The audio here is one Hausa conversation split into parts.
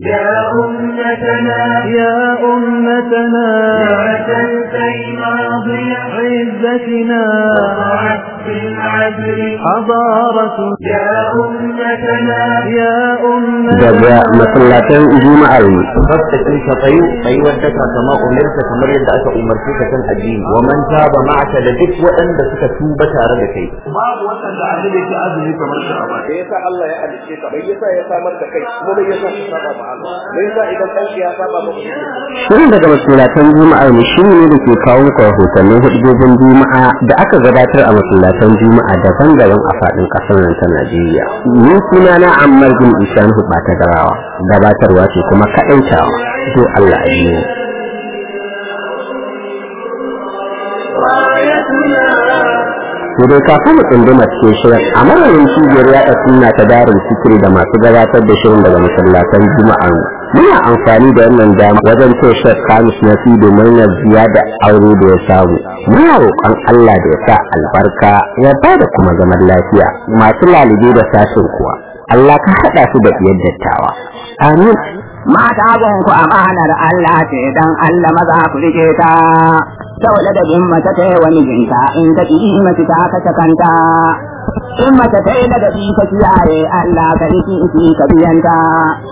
يا أمتنا يا أمتنا يا نعت الماضية عزتنا وضعت daga masallacin juma'ar tsaftace ka kai kai wanda ka kama umarta kamar yadda aka umarce ka kan addini wa man taba ma'aka da duk waɗanda suka tuba tare da kai shin daga masallacin juma'ar mu shine da ke kawo ku hutun hudubin juma'a da aka gabatar a masallacin masallatan juma'a daban-daban a faɗin ƙasar nan ta Najeriya. Ni kuma na Ammar bin Isan Hubba ta garawa, gabatarwa ce kuma kaɗaitawa, do Allah a yi Ku dai kafin mu tsunduma cikin shirin a marmarin cibiyar yaɗa suna ta darin sikiri da masu gabatar da shirin daga masallatan juma'a muna amfani da wannan dama wajen ce shek kamis na fi domin ya da aure da ya samu muna roƙon allah da ya sa albarka ya ba da kuma zaman lafiya masu lalube da sashen kuwa allah ka haɗa su da biyar dattawa amin mata gonku amanar allah ce dan allah maza ku rike ta taulada mace ta yi wani mijinta in ka ƙi mace ta kashe kanta in mace ta yi daga bi ka kiyaye Allah ka yi ki ka biyanta.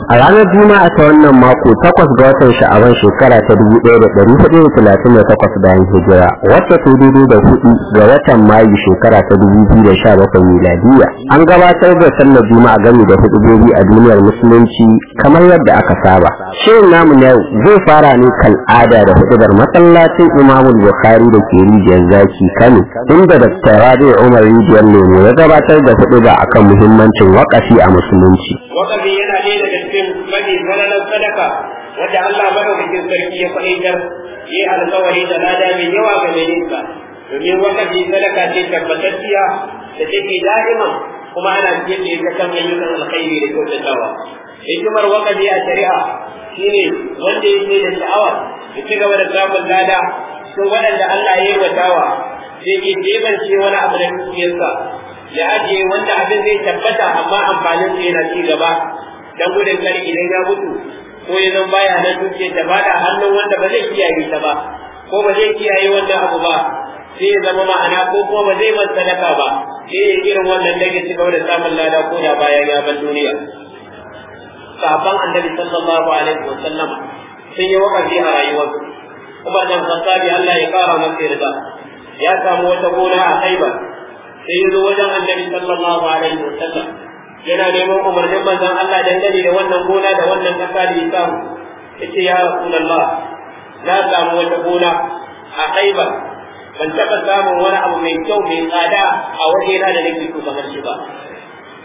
A ranar Juma'a ta wannan mako takwas ga watan sha'aban shekara ta dubu ɗaya da ɗari hudu da talatin da takwas bayan hijira wacce ta daidai da hudu ga watan Mayu shekara ta dubu biyu da sha bakwai miladiya. An gabatar da sallar Juma'a gami da hudubobi a duniyar musulunci kamar yadda aka saba. Shirin namu na yau zai fara ne kan ada da hudubar masallacin imamu bukhari da ke rijiyar zaki kano inda dr rabi umar rijiyar lemo ya gabatar da kuɗi ga akan muhimmancin wakafi a musulunci wakafi yana ɗaya daga cikin mafi tsananin sadaka wanda allah madaukakin sarki ya fahimtar yi alkawari da lada mai yawa ga mai yinsa domin wakafi sadaka ce tabbatacciya da take da'ima kuma ana cikin ta kan ayyukan alkhairi da kyautatawa hikimar wakafi a shari'a shine wanda yake da sha'awa ya ci gaba da samun lada cikin waɗanda Allah ya yi wa sai ke jebance wani abu da dukiyarsa ya ajiye wanda abin zai tabbata amma amfanin su yana ci gaba dan gudun kar idan ya mutu ko ya zan baya nan dukiyar ta bada hannun wanda ba zai kiyaye ta ba ko ba zai kiyaye wannan abu ba sai ya zama ma'ana ko kuma ba zai man sadaka ba sai ya irin wannan da ke ci gaba da samun lada ko da bayan ya ban duniya sahabban annabi sallallahu alaihi wasallam sun yi wakafi a rayuwarsu Umar dan Khattabi Allah ya kara masa yarda ya samu wata gona a Khaibar sai ya zo wajen Annabi sallallahu alaihi wasallam yana neman umarnin manzon Allah dangane da wannan gona da wannan kasa da ya samu yace ya Rasulullah na samu wata gona a Khaibar ban taɓa samun wani abu mai kyau mai tsada a na da nake so kamar shi ba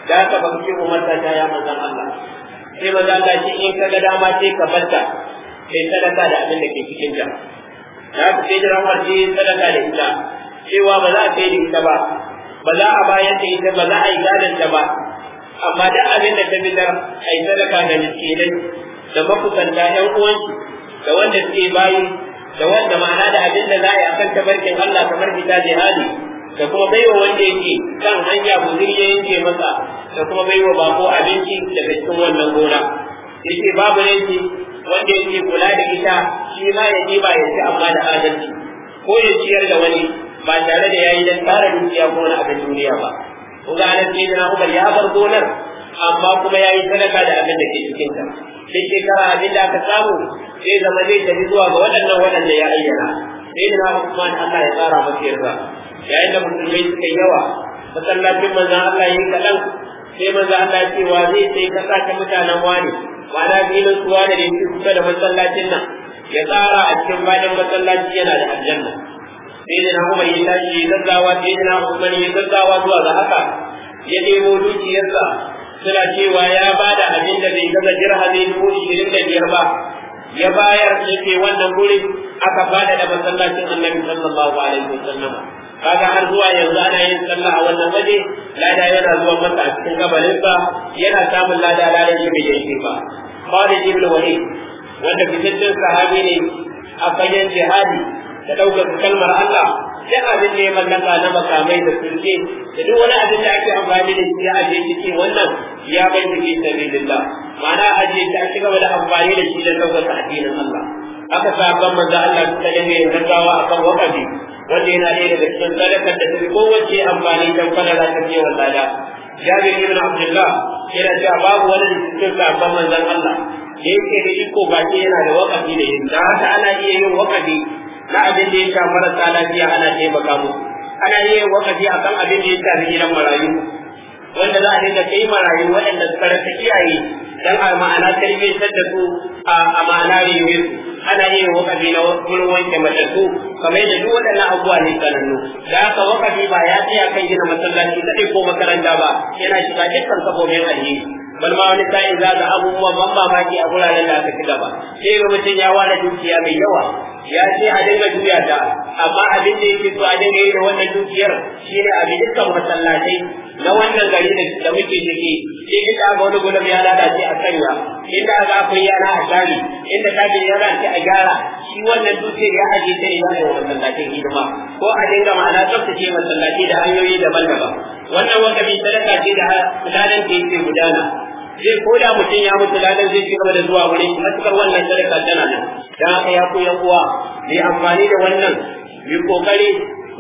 da ka ban ce umarta ta ya manzon Allah sai maza ta ce in ka ga dama sai ka barta sai sadaka da abin da ke cikin ta na ku sai jira farji sadaka da ita cewa ba za a sai ita ba ba za a bayar da ita ba za a yi gadon ta ba amma da abin da ta fitar a yi sadaka da miskinai da makusanta yan uwansu da wanda suke bayi da wanda ma'ana da abin da za a yi akan tabarkin Allah kamar fita jihadi da kuma baiwa wanda yake kan hanya guzuri ya yanke masa da kuma baiwa bako abinci daga cikin wannan gona yake babu yanki wanda yake kula da ita shi ma ya ba ya ci amma da adalci ko ya ciyar da wani ba tare da yayi dan tsara dukiya ko wani abin duniya ba kun ga anan sai na kuma ya bar gonar amma kuma yayi sadaka da abin da ke cikin ta duk kara abin da aka samu sai zama zai tafi zuwa ga waɗannan waɗanda ya ayyana sai na kuma Allah ya tsara maka yarda yayin da musulmai suka yawa masallacin manzon Allah yayi kaɗan sai manzon Allah cewa zai sai kasa ta mutanen wani ma'ana filin suwa da yake kusa da masallacin nan ya tsara a cikin bayan masallaci yana da aljanna sai da na kuma ya tashi ya gaggawa sai da na umar yi gaggawa zuwa ga haka ya nemo dukiyarsa suna cewa ya bada abin da bai gaza dirhami dubu ishirin da biyar ba ya bayar yake wannan guri aka bada da masallacin annabi sallallahu alaihi wasallam kaga har zuwa yanzu ana yin sallah a wannan waje lada yana zuwa masa a cikin gabaninsa yana samun lada lada shi bai yanke ba Khalid ibn Walid wanda fitaccen sahabi ne a fagen jihadi da ɗaukar kalmar Allah duk abin da ya mallaka na makamai da sulke da duk wani abin da ake amfani da shi a je ciki wannan ya bai da fi sabilillah ma'ana a je ta ci da amfani da shi da ɗaukar addinin Allah aka sabon manzo Allah ta dinga yin a akan Wakabi, wanda yana ɗaya daga cikin sadakar da ta kowace amfani don fadara ta ce lada jabir ibn abdullah yana cewa babu wani cikin sabon manzon Allah da yake da iko baki yana da wakafi da yin da haka ana iya yin wakafi na abin da ya sha marasa lafiya ana taimaka mu. ana iya yin wakafi kan abin da ya sha gidan marayu wanda za a dinga kai marayu waɗanda suka rasa iyaye dan a ma'ana tarbiyyar da su a ma'ana rayuwar su ana iya wakafi na wurin wanke matattu kamar yadda duk waɗannan abubuwa ne sanannu da haka wakafi ba ya tsaya kan gina masallaci kaɗai ko makaranta ba yana shiga dukkan kafofin alheri bal ma wani sa'in za ga abubuwan ban mamaki a wuraren da aka ci gaba sai ga mutum ya ware dukiya mai yawa ya ce a dinga juya da. amma abin da yake so a dinga yi da wannan dukiyar shine ne abin dukkan masallatai na wannan gari da muke ciki shi inda aka wani gulam ya lalace a sanya inda aka akwai yana a share inda kafin yana ce a gyara shi wannan dutse ya sai ta yi wannan masallacin hidima ko a dinga ma'ana tsaftace masallaci da hanyoyi daban-daban wannan wanda bi sadaka ce da gudanar da yake gudana zai da mutum ya mutu ladan zai ci gaba da zuwa wuri matukar wannan sadaka tana nan Da aka ya koya kuwa mai amfani da wannan mai kokari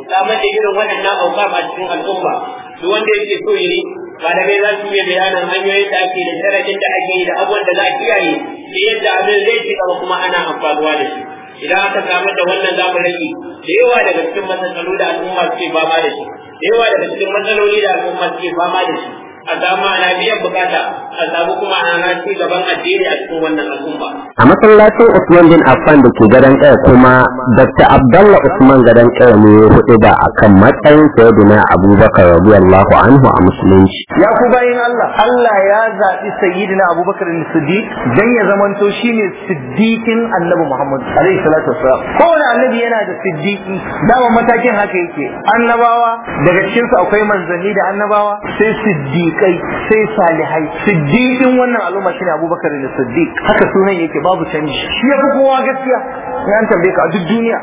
ta samar da irin waɗannan auka a cikin al'umma duk wanda yake so yi da za su iya bayanin hanyoyin da ake da tarakin da ake yi da abubuwan da za a kiyaye da yadda abin zai ci gaba kuma ana amfanuwa da shi idan aka samu da wannan zamu rage da yawa daga cikin matsaloli da al'umma suke fama da shi da yawa daga cikin matsaloli da al'umma suke fama da shi a samu ana biyan bukata a samu kuma ana ci gaban addini a cikin wannan al'umma. A masallacin Usman bin Affan da ke gadon ƙaya kuma Dr. Abdalla Usman gadon ƙaya ne ya hudu da kan matsayin Sayyidina Abubakar radiyallahu anhu a musulunci. Ya ku bayin Allah, Allah ya zaɓi Sayyidina Abubakar da Siddiq don ya zamanto shi ne Siddiqin Annabi Muhammad alaihi salatu wassalam. Kowane annabi yana da Siddiqi, dama matakin haka yake. Annabawa daga cikinsu akwai manzanni da annabawa sai Siddiq siddiqai sai salihai siddiqin wannan al'umma shine abubakar da siddiq haka sunan yake babu canji shi yafi kowa gaskiya sai an tambaye ka a duk duniya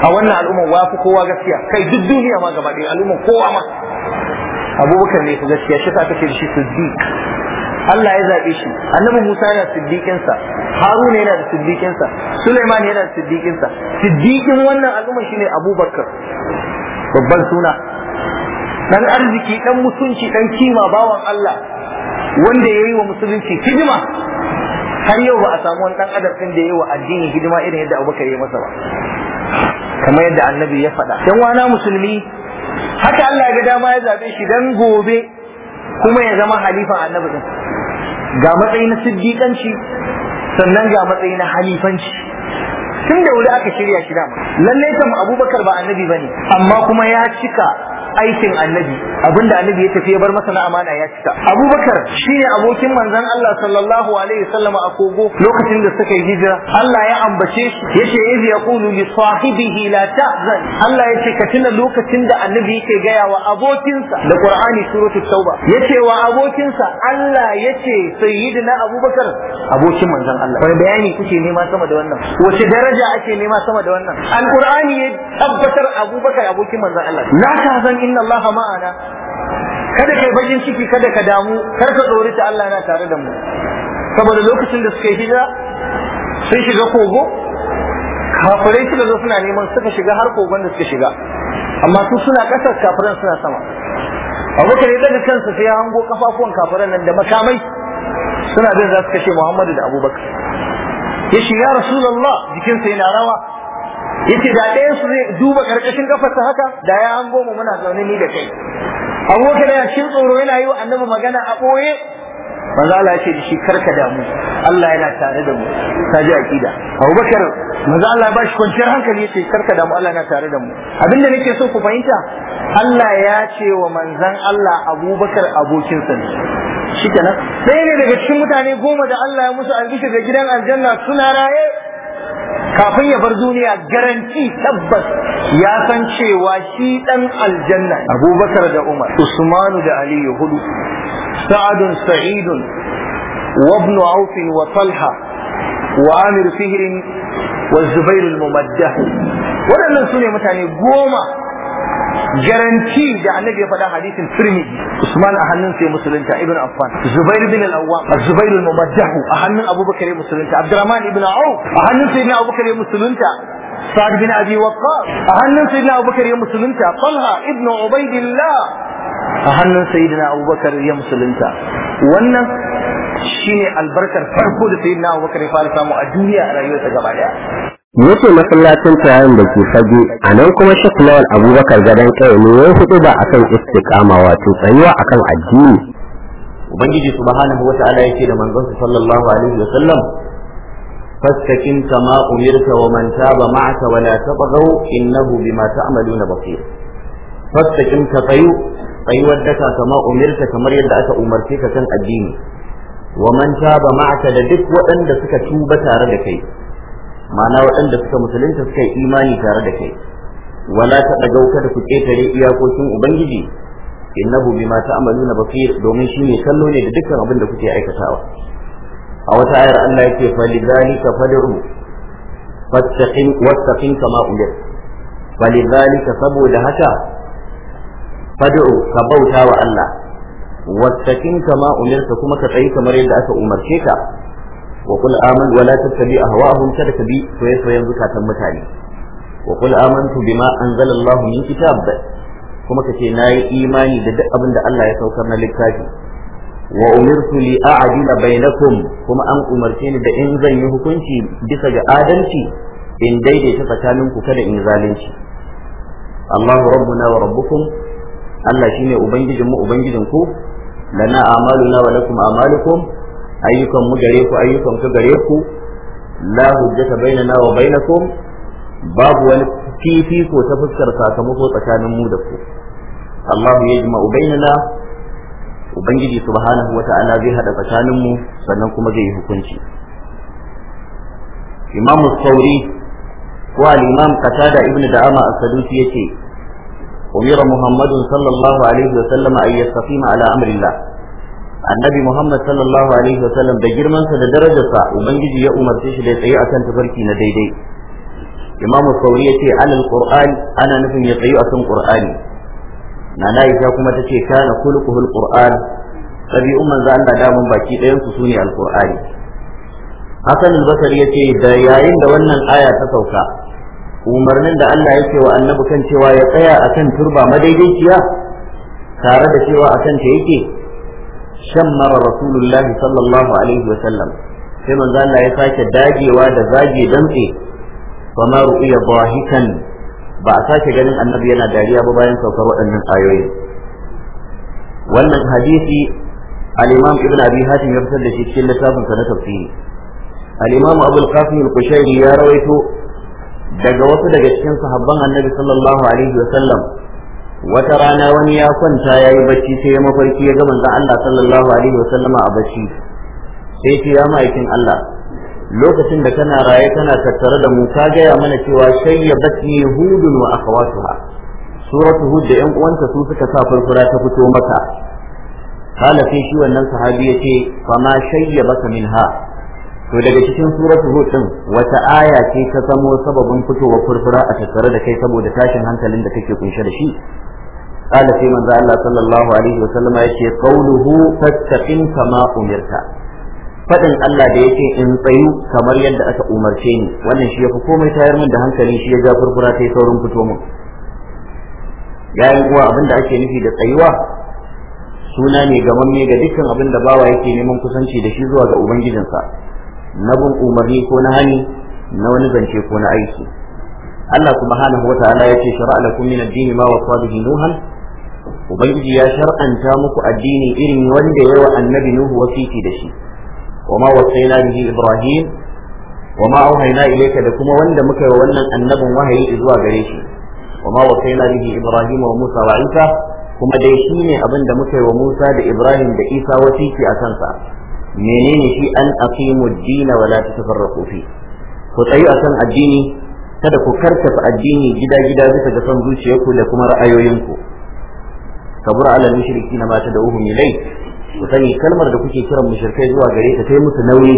a wannan al'umma wa fi kowa gaskiya kai duk duniya ma gaba ɗaya al'umma kowa ma abubakar ne ku gaskiya shi ka ce shi siddiq Allah ya zaɓe shi annabi Musa yana siddiƙinsa Haruna yana da siddiƙinsa Sulaiman yana da siddiƙinsa siddiƙin wannan al'umma shine Abubakar babban suna dan arziki dan mutunci dan kima bawan Allah wanda ya yi wa musulunci hidima har yau ba a samu wani dan adam din da ya yi wa addini hidima irin yadda Abubakar ya masa ba kamar yadda annabi ya faɗa dan wana musulmi haka Allah ya ga dama ya zabe shi dan gobe kuma ya zama halifan annabi din ga matsayi na siddiƙanci sannan ga matsayi na halifanci tun da wuri aka shirya shi dama lallai kam abubakar ba annabi bane amma kuma ya cika aikin annabi abinda annabi ya tafi ya bar masa na amana ya cika abubakar shine abokin manzon Allah sallallahu alaihi wasallam a kogo lokacin da suka yi hijira Allah ya ambace shi yace idh yaqulu li sahibihi la tahzan Allah yace ka tuna lokacin da annabi yake gaya wa abokinsa da Qur'ani suratul tauba yace wa abokinsa Allah yace sayyidina abubakar abokin manzon Allah wani bayani kuke nema sama da wannan wace daraja ake nema sama da wannan alqur'ani ya tabbatar abubakar abokin manzon Allah Na la tahzan inna allaha ma'ana kada kai bakin ciki kada ka damu kar ka tsori ta Allah yana tare da mu saboda lokacin da suka yi hijira sun shiga kogo kafirai suka zo suna neman suka shiga har kogon da suka shiga amma su suna ƙasar kafiran suna sama abubakar ya daga kansa sai ya hango kafafuwan kafiran nan da makamai suna bin za su kashe muhammadu da abubakar ya shiga rasulullah jikinsa yana rawa yace da ɗayan su zai duba karkashin ƙafarsa haka da ya hango mu muna zaune ni da kai abubakar yana cikin tsoro yana yi wa annabi magana a ɓoye manzo Allah ya ce da shi karka damu Allah yana tare da mu ta ji Abu Bakar manzo Allah ya bashi kwanciyar hankali yace karka damu Allah yana tare da mu abinda nake so ku fahimta Allah ya ce wa manzon Allah abubakar abokinsa ne shikenan sai ne daga cikin mutane goma da Allah ya musu albishir da gidan aljanna suna raye kafin ya bar duniya garanti tabbas ya san cewa shi dan aljanna abubakar da umar usmanu da aliyu hudu sa'adun sa'idun وابن wa وطلحة وعامر wa والزبير الممدح waɗannan su ne mutane goma garanti da annabi ya faɗa hadisin tirmidhi usman a hannun sai musulunta ibn affan zubair bin al-awwam zubair al-mumaddahu a hannun abubakar ya musulunta abdurrahman ibn auf a hannun na abubakar ya musulunta sa'ad bin abi waqqas a hannun na abubakar ya musulunta talha ibn ubaidillah a hannun sayyidina abubakar ya musulunta wannan shine albarkar farko da sayyidina abubakar ya fara samu a duniya a rayuwarsa gaba daya yake masallacin tayayin da ke fage a nan kuma shek lawal abubakar gadon kai ne ya hudu ba a akan istiqama wato tsayuwa kan addini ubangiji su subhanahu ala yake da manzon sallallahu alaihi wa sallam fastakin kama umirta wa man taba ma'aka wa la tabghaw innahu bima ta'maluna basir fastakin ka tsayu tsayuwar daka kama umirta kamar yadda aka umarce ka kan addini wa man taba ma'aka da duk waɗanda suka tuba tare da kai ma'ana waɗanda suka musulunta suka yi imani tare da kai wala ta dagau da ku ketare iyakokin ubangiji innahu bima ta'maluna basir domin shi ne kallo ne da dukkan abin da kuke aikatawa a wata ayar Allah yake falidhalika fad'u fastaqim wastaqim kama umir saboda haka fad'u ka bauta wa Allah wastaqim kama umirta kuma ka tsayi kamar yadda aka umarce ka wa qul aman wa tattabi ahwa'ahum kada ka bi soyayyen zukatan mutane wa qul amantu bima anzala Allah min kitab kuma kace nayi imani da duk abin da Allah ya saukar na littafi wa umirtu li a'dila bainakum kuma an umarce ni da in zan yi hukunci bisa ga adalci in daidaita tsakaninku kada in zalunci Allahu rabbuna wa rabbukum Allah shine ubangijinmu ubangijinku lana a'maluna wa lakum a'malukum ayyukan mu gare ku ayyukan ku gare ku la hujjata bainana wa bainakum babu wani fifiko ta fuskar sakamako tsakanin mu da ku Allah ya jima'u bainana ubangiji subhanahu wata'ala zai hada tsakanin mu sannan kuma zai yi hukunci imamu sauri ko al-imam qatada ibnu da'ama as-sadusi yace umira muhammadun sallallahu alaihi wa sallama ay yastaqima ala amrillah annabi Muhammad sallallahu alaihi wasallam da girmansa da darajarsa ubangiji ya umarce shi da tsaye akan tafarki na daidai imamu sauri ya ce alal qur'an ana nufin ya tsayu akan qur'ani nana ita kuma ta ce kana kulquhul qur'an tabi'un manzo Allah damun baki ɗayan su sune alqur'ani hasan al-basri ya ce da yayin da wannan aya ta sauka umarnin da Allah yake wa annabi kan cewa ya tsaya akan turba madaidaiciya tare da cewa akan ta yake shammara rasulullahi sallallahu alaihi wa sallam sai manzo Allah ya sake dagewa da zage dantse fa ma ru'ya bahikan ba a sake ganin annabi yana dariya ba bayan saukar waɗannan ayoyi wannan hadisi al-imam ibn abi hatim ya fitar da shi cikin littafin sa na tafsiri al-imam abu al-qasim al-qushairi ya rawaito daga wasu daga cikin sahabban annabi sallallahu alaihi wa sallam wata rana wani ya kwanta ya yi bacci sai ya mafarki ya ga manzon Allah sallallahu alaihi wasallama a bacci sai ce ya ma'aikin Allah lokacin da kana raye kana tattare da mu ka gaya mana cewa shayya batni hudun wa akhawatuha suratu hud da yan uwanta su suka sa furfura ta fito maka kala sai shi wannan sahabi yace fa ma shayya baka minha to daga cikin suratu hud din wata aya ce ta samo sababin fitowa furfura a tattare da kai saboda tashin hankalin da kake kunshe da shi قال في من ذا الله صلى الله عليه وسلم يشي قوله فاستقم كما أمرت فدن da yake in tsayu kamar yadda aka umarce ni wannan shi yafi komai tayar min da hankali shi ya ja furfura sai saurin fito min yayin uwa abin da ake nufi da tsayuwa suna ne gamamme ga dukkan abin da bawa yake neman kusanci da shi zuwa ga ubangijinsa na bin umarni ko na hani na wani zance ko na aiki Allah subhanahu wa ta'ala ya ce lakum min ad-din ma wasa bihi nuhan ubangiji ya shar'anta muku addini irin wanda yawa annabi nuhu wasiki da shi wama wasaina bihi ibrahim ma auhayna ilayka da kuma wanda muka yi wannan annabin wahayi zuwa gare shi wama wasaina bihi ibrahim wa musa wa isa kuma dai shi ne abin da muka yi wa musa da ibrahim da isa wasifi a kansa menene shi an aqimu ad-din wa la tatafarraqu fi ku tsayi akan addini kada ku karkata addini gida-gida bisa ga son zuciyarku da kuma ra'ayoyinku kabura ala mushriki na mata da uhum ilai ku sani kalmar da kuke kiran mushrikai zuwa gare ta kai musu nauyi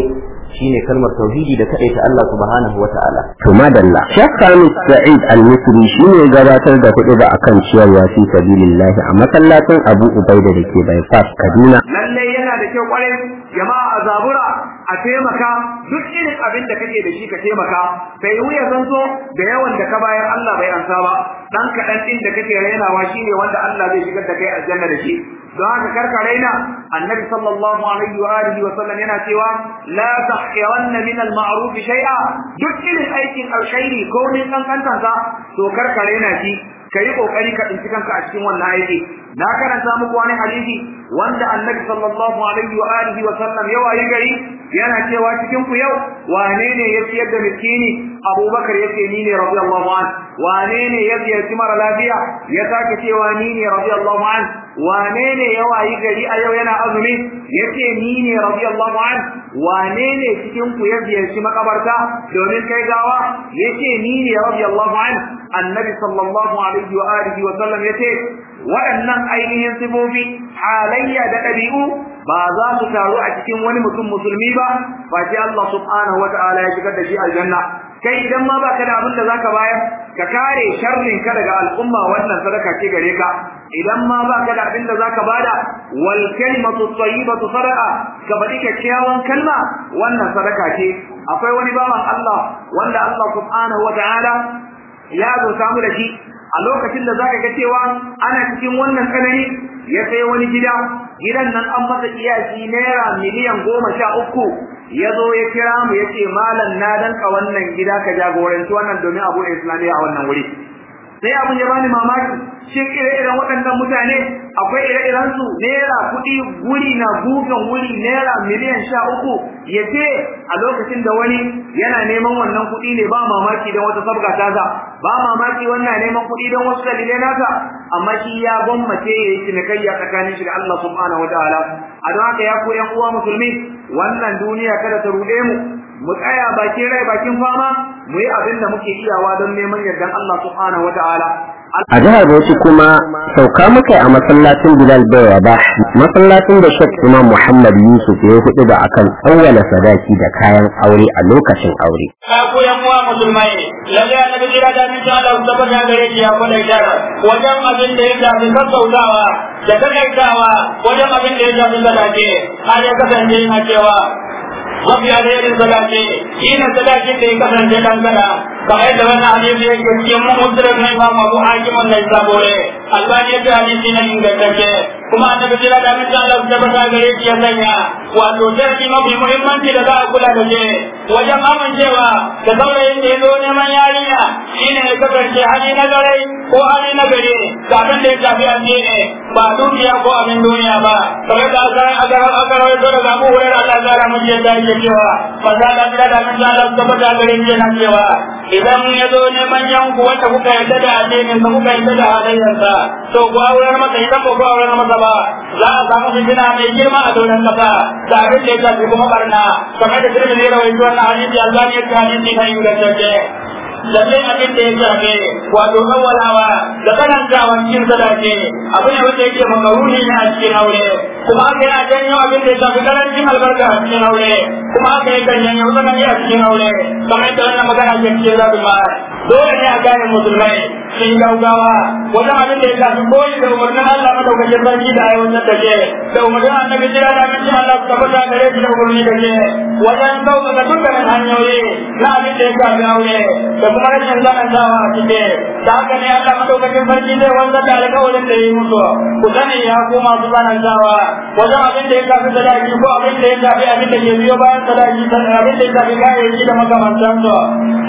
shine kalmar tauhidi da kadaita Allah subhanahu wataala to madalla Sheikh Khalid Sa'id Al-Misri shine gabatar da kuɗi ba akan ciyarwa fi sabilillah a masallacin Abu Ubaida da ke Bypass Kaduna lalle yana da kyau kwarai jama'a a zabura a taimaka duk irin abin da kake da shi ka taimaka sai wuya zanzo da yawan da ka bayar Allah bai ansa ba dan kadan din da kake rainawa shine wanda Allah zai shigar da kai aljanna da shi don haka karka raina annabi sallallahu alaihi wa alihi wa sallam yana cewa la tahqiranna min al ma'ruf shay'a duk irin aikin alkhairi ko min kankantansa to karka raina shi kai kokari ka dinki kanka a cikin wannan aiki na karanta muku wani hadisi wanda annabi sallallahu alaihi wa alihi wa sallam yawa yi gari yana cewa cikin ku yau wane ne ya ciyar da miskini abubakar yake ni ne radiyallahu an wane ne ya ziyarci mara lafiya ya sake cewa ni ne radiyallahu an wane ne ya wayi gari a yau yana azumi yace ni ne radiyallahu an wane ne cikin ku ya ziyarci makabarta domin kai gawa yace ni ne radiyallahu an annabi sallallahu alaihi alaihi wa alihi wa sallam yace waɗannan ainihin sifofi halayya da ɗabi'u ba za su taru a cikin wani mutum musulmi ba face Allah subhanahu wa ta'ala ya shigar da shi aljanna kai idan ma baka da abin da zaka bayar ka kare sharrin ka daga al'umma wannan sadaka ce gare ka idan ma baka da abin da zaka bada wal kalimatu tayyibatu sadaqa ka bari ka kiyawan kalma wannan sadaka ce akwai wani bawan Allah wanda Allah subhanahu wa ta'ala ya zo samu da shi a lokacin da za ka ga cewa ana cikin wannan tsanani ya kai wani gida gidan nan an masa kiyasi naira miliyan goma sha uku ya zo ya kira mu ya ce malam na danka wannan gida ka jagoranci wannan domin abu islamiyya a wannan wuri sai abin ya bani mamaki shi ire-iren waɗannan mutane akwai ire-iren su naira kuɗi guri na gugan wuri naira miliyan sha uku ya ce a lokacin da wani yana neman wannan kuɗi ne ba mamaki don wata sabga za ba mamaki wannan neman kuɗi don wasu dalilai nasa amma shi ya gwammace ya yi cinikayya tsakanin shi da Allah subhanahu wa ta'ala a don haka ya koyan uwa musulmi wannan duniya kada ta ruɗe mu mu tsaya bakin rai bakin fama mu yi abin da muke iyawa don neman yardan Allah subhanahu wataala a jihar Bauchi kuma sauka muka a masallacin Bilal Baiwa ba masallacin da shek imam muhammad yusuf ya hudu da akan tsawwala sadaki da kayan aure a lokacin aure ka koyan wa musulmai lalle annabi kira da min ta Allah tabbata gare shi ya kula ishara wajen abin da ya shafi sassautawa da takaitawa wajen abin da ya shafi sadaki har ya kasance yana cewa mafi alherin sadaki shine sadaki da ya kasance dangana kamar da wannan hadisi yake cikin mu'udrak na imam abu hakim wannan sabore albani ya ce hadisi na ingantacce kuma annabi jira da mutum Allah ku tabbata gare shi ya sanya wato darsi mafi muhimmanci da za a kula da shi wajen amincewa da saurayin da ya zo neman yarinya shine ya kasance hali na gare ko hali na gare ga abin da ya shafi addini ba dukiya ko abin duniya ba kamar da aka a garar aka rawar da daga mu wurin Allah zara mun je da yake cewa maza da kira da mun zala da bada gare ni yana cewa idan mun ya zo neman yanku wanda kuka yarda da addinin sa kuka yarda da halayyarsa to ku aurar masa idan ko ku aurar masa ba za a samu fitina mai girma a doron kasa da abin da ya shafi kuma barna kamar da sirri ne rawaituwar اللہ نے کیا نہیں دکھائی ہوئے چلتے ہیں lalle abin da ya shafe ne wato kawalawa da kanantawa cikin sadaki ne abu ne wanda yake makaruni ne a cikin aure kuma aka yana janyo abin da ya shafi karancin albarka a cikin aure kuma aka yi kan janyo tsanani a cikin aure kamar yadda wannan magana ke cikin zaɓi ma dole ne a gane musulmai sun gaugawa wajen abin da ya shafi koyi da umarnin Allah madaukakin sarki da aiwatar da ke da umarnin annabi jira da abin Allah su tabbata gare shi da umarni da ke wajen sauƙaƙa dukkanin hanyoyi na abin da ya shafi aure da kuma rashin zamantawa a cikin da haka ne Allah madaukakin sarki zai wanda da alƙawarin da ya yi musu ku sani ya ko masu zamantawa wajen abin da ya shafi sadaki ko abin da ya shafi abin da ke biyo bayan sadaki abin da ya shafi da makamantansu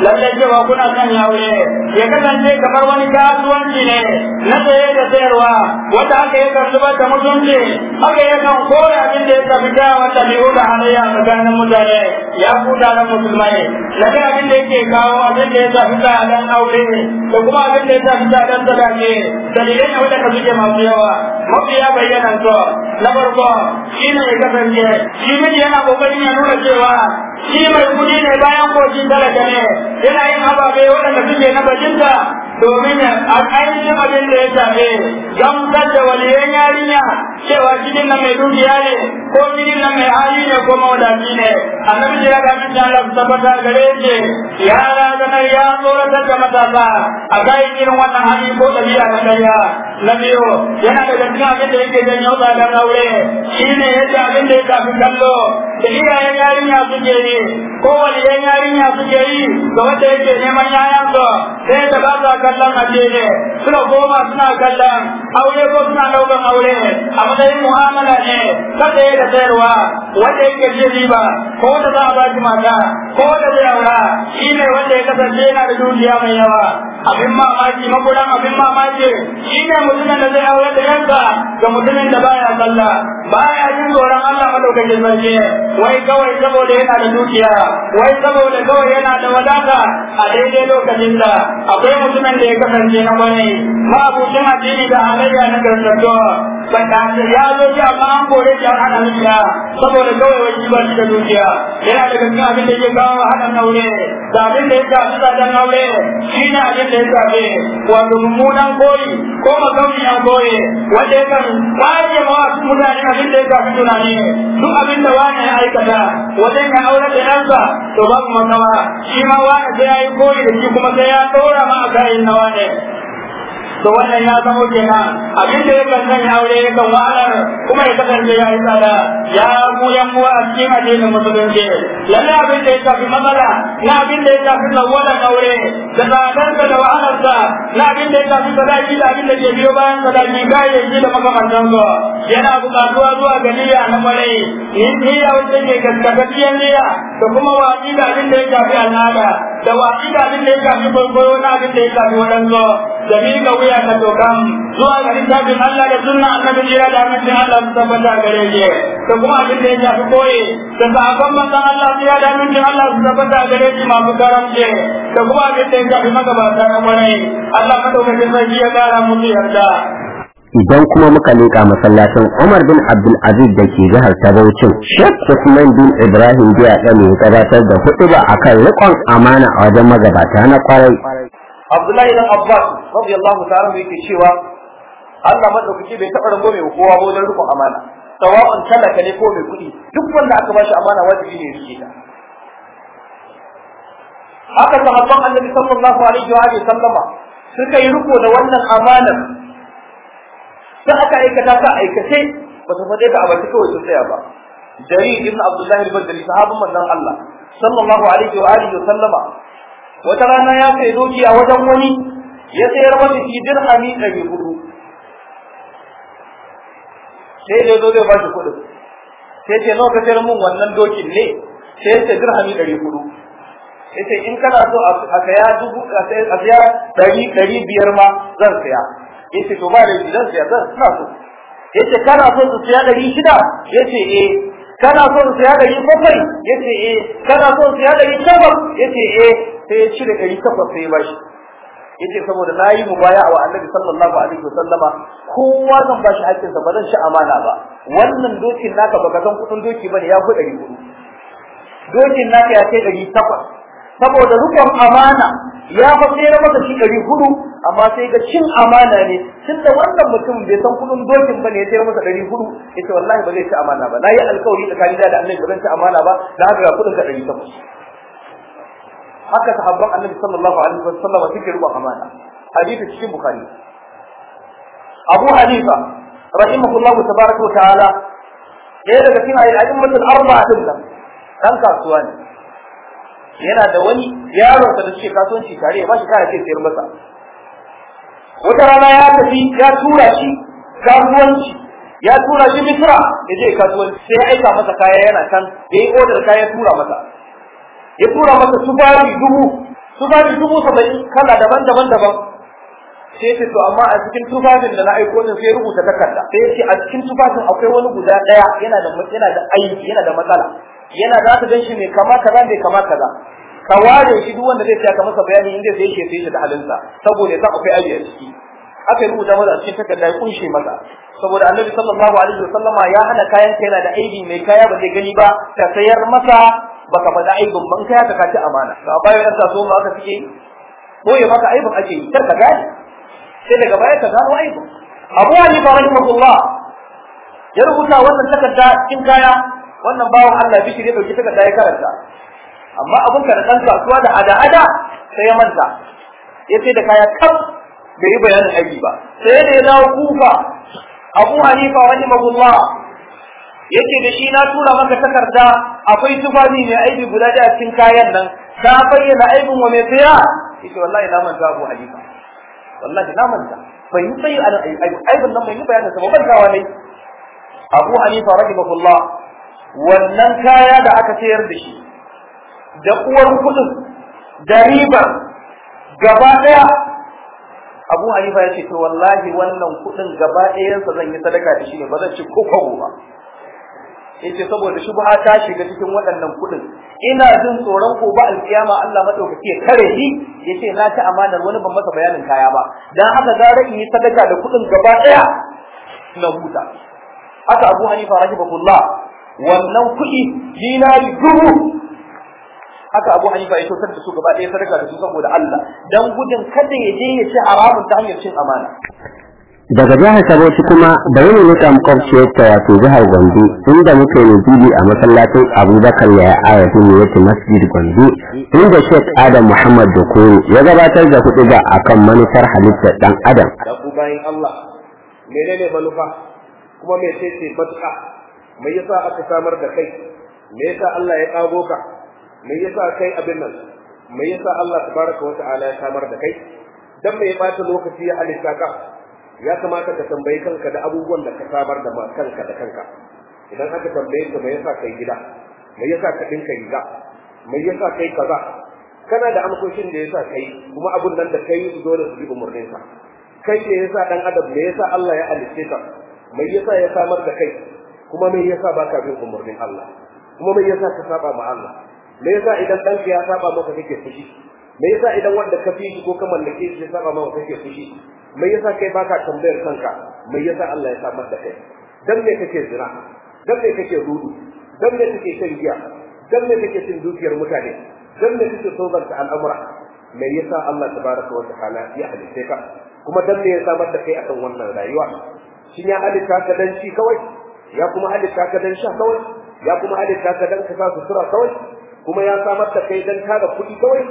lallai cewa kuna son yaure ya kasance kamar wani kasuwanci ne na saye da sayarwa wata haka ya kan zubar da mutunci haka ya kan kore abin da ya shafi kyawun ɗabi'u da halayya tsakanin mutane ya kuta na musulmai lallai abin da yake kawo abin da ya shafi tsadan aure da kuma abin da ya shafi tsadan sadaka dalilai ne wanda ka suke masu yawa ya bayyana to na farko shi ne ya kasance shi miji yana kokarin ya nuna cewa shi mai kudi ne bayan kocin talaka ne yana yin ababe waɗanda suke na bajinta domin ainihin abin da ya shafe gamsar da waliyan yarinya cewa cikin nan mai dukiya ne ko cikin nan mai hali ne ko mawadaci ne annabi ya ga min Allah tabbata gare shi ya razanar ya tsoratar da matasa a kai irin wannan hali ko dabi'a na gaya na biyu yana da cikin abin da yake janyo tsadar aure shine yadda abin da ya tafi kallo da iyayen yarinya suke yi ko waliyan yarinya suke yi ga wanda yake neman yayansa sai da ba sa kallon addini suna koma suna kallon aure ko suna ɗaukan aure a matsayin mu'amala ne ta tsaye da sayarwa wanda yake ji riba ko wanda za a ba shi mata ko wanda zai aura shine wanda ya kasance yana da dukiya mai yawa abin mamaki magudan abin mamaki shine mutumin da zai aure da yanka ga mutumin da baya sallah baya jin tsoron Allah madaukakin sarki wai kawai saboda yana da dukiya wai saboda kawai yana da wadata a daidai lokacin da akwai mutumin da ya kasance na wani ma'abucin addini da halayya na karsatuwa banda ya zo ji amma an kore shi an hana dukiya saboda kawai wai shi ba shi da dukiya yana da gaske abin da ya kawo haɗa naure da abin da ya shafi tsadan naure shi ne abin da ya shafi wato mummunan koyi ko gwamnati ya goye wanda yakan ma mutane abin da ya shafi tunani duk abin da wani ya aikata wanda ya aure da yansa to babu makawa shi ma wani sai ya yi koyi da shi kuma sai ya tsora ma a kayan na ne to wannan ya zama kenan abin da yakan sanya aure kan wahalar kuma ya kasance ya yi tsada ya mu yan uwa a cikin addinin musulunci lalle abin da ya tafi matsala na abin da ya tafi lawalan aure da tsadarsa da wahalarsa na abin da ya tafi sadaki da abin da ke biyo bayan sadaki kayayyaki da makamantansu yana bukatuwa zuwa ga niyya na kwarai in niyya wacce ke gaskatacciyar niyya da kuma waƙi da abin da ya shafi al'ada da waƙi da abin da ya shafi kwaikwayo na abin da ya shafi waɗansu da ga wuya ta dokan zuwa ga littafin Allah da sunna annabi jira da annabi Allah su tabbata gare shi da kuma abin da ya shafi koyi da sahabban manzon Allah jira da annabi Allah su tabbata gare shi masu karamce da kuma abin da ya shafi magabata na mare Allah madaukakin sarki ya kara musu yarda idan kuma muka leƙa masallacin Umar bin Abdul Aziz da ke jihar ta Bauchin Sheikh Usman bin Ibrahim biya ɗan ya gabatar da huɗuba akan riƙon amana a wajen magabata na kwarai Abdullahi dan Abbas radiyallahu ta'ala yake cewa Allah madaukaki bai taɓa rango mai kowa ba wajen riƙon amana sawa'un talaka ne ko mai kuɗi duk wanda aka bashi amana wajibi ne ya rike ta haka sahabban Annabi sallallahu alaihi wa sallama suka yi riko da wannan amanar sai aka aikata ka aikace ba ta fade ka a baki kawai sun tsaya ba dari ibn abdullah ibn badri sahabban manzon Allah sallallahu alaihi wa alihi wa sallama wata rana ya sai doki a wajen wani ya sayar masa shi dirhami 400 sai da zo zai ba shi kuɗin sai ce nawa ka sayar mun wannan dokin ne sai ya ce dirhami 400 yace in kana so a saya dubu a saya dari ɗari biyar ma zan saya yace to ba da zan siya zan suna so yace kana so su siya ɗari shida yace eh kana so su siya ɗari bakwai yace eh kana so su siya ɗari takwas yace eh sai ya cire ɗari takwas sai ya bashi yace saboda nayi mubaya wa Annabi sallallahu alaihi wasallama kowa zan bashi hakkin sa ba zan shi amana ba wannan dokin naka baka san kudin doki bane ya kudi 400 dokin naka ya kai takwas. saboda rukun amana ya fa tsere maka shi hudu amma sai ga cin amana ne tunda wannan mutum bai san kudin dokin bane ya sayar masa 400 yace wallahi ba zai ci amana ba nayi alƙawari tsakanin da Annabi ba zan ci amana ba da haka ga kudin ka 800 haka sahabban Annabi sallallahu alaihi wasallam suke ruba amana hadisi cikin Bukhari Abu Hanifa rahimahullahu tabaraka wa ta'ala ɗaya daga cikin ayyukan arba'atin nan dan kasuwa ne yana da wani yaron da suke kasuwanci tare ya bashi kaya ce sayar masa wata rana ya tafi ya tura shi kasuwanci ya tura shi misra ya je kasuwanci sai ya aika masa kaya yana can da ya odar kaya ya tura masa ya tura masa tufafi dubu tufafi dubu saba'in kala daban-daban daban sai ce to amma a cikin tufafin da na aiko ne sai rubuta takarda sai ya ce a cikin tufafin akwai wani guda daya yana da yana da aiki yana da matsala yana za ta ganshi mai kama kaza mai kama kaza ka ware shi duk wanda zai tsaya ka masa bayani inda zai yake sai shi da halinsa saboda za san kai aji a ciki aka rubuta masa a cikin takarda ya kunshe masa saboda annabi sallallahu alaihi wasallama ya hana kayan ka yana da aibi mai kaya ba zai gani ba ta sayar masa baka faɗa aibin ban kaya ka kaci amana ka bayo ɗan sa zoma aka suke ko ya maka aibin ake yi kar ka gane sai daga baya ka gano aibin abu hanifa rahimahullah ya rubuta wannan takarda cikin kaya wannan bawan Allah bishir ya dauki takarda ya karanta amma abun ka da ɗan kasuwa da ada-ada sai ya manta ya da kaya kaf bai yi bayanin aiki ba sai da ya dawo kufa abu hanifa wani magulla yake da shi na tura maka takarda akwai tufafi mai aiki guda da cikin kayan nan ka bayyana aibin wa mai tsaya yace wallahi na manta abu hanifa wallahi na manta bai yi sai aibin nan bai yi bayanin sa ba bantawa ne abu hanifa rahimahullah wannan kaya da aka sayar da shi da uwar kudin da riba gaba daya abu halifa ya ce to wallahi wannan kudin gaba ɗayansa zan yi sadaka da shi ne ba zan ci ko ba yace saboda ba ta shiga cikin waɗannan kudin ina jin tsoron ko gobe alkiyama Allah madaukaki ya kare shi yace na ta amanar wani ban masa bayanin kaya ba dan haka gara ra'i yi sadaka da kudin gaba ɗaya na huta haka Abu halifa rahimahullah wannan kudi dinari dubu haka Abu Hanifa ya kyautar da su gaba ɗaya sadaka da su saboda Allah dan gudun kada ya je ya ci haramun ta hanyar cin amana daga jihar Sabauci kuma bari mu nika makwabciyarta wato jihar Gombe inda muke nubibi a masallacin Abubakar ya ayatu ne yake Masjid Gombe inda Sheikh Adam Muhammad Dokoro ya gabatar da kuɗi ga akan manufar halittar dan Adam da ku bayan Allah menene manufa kuma me ce ce matuƙa mai yasa aka samar da kai me yasa Allah ya ƙago ka me yasa kai abin nan me yasa Allah tabaraka wa ta'ala ya samar da kai dan me ya bata lokaci ya halitta ka ya kamata ka tambayi kanka da abubuwan da ka sabar da kanka da kanka idan aka tambaye ka me yasa kai gida me yasa ka dinka riga me yasa kai kaza kana da amkoshin da yasa kai kuma abun nan da kai dole su bi umurnin ka kai ne yasa dan adam me yasa Allah ya halitte ka me yasa ya samar da kai kuma me yasa baka bin umurnin Allah kuma me yasa ka saba ma Allah me yasa idan ɗanka ya saba maka kake fushi me yasa idan wanda ka fi shi ko ka mallake shi ya saba maka kake fushi me yasa kai baka tambayar kanka me yasa Allah ya samar da kai dan me kake zina dan me kake rudu dan me kake shan giya dan me kake cin dukiyar mutane dan me kake ta al'amura me yasa Allah tabaraka wa ta'ala ya halitta ka kuma dan me ya samar da kai akan wannan rayuwa shin ya halitta ka dan shi kawai ya kuma halitta ka dan sha kawai ya kuma halitta ka dan ka sa sutura kawai kuma ya samar da kai dan kaga kuɗi kawai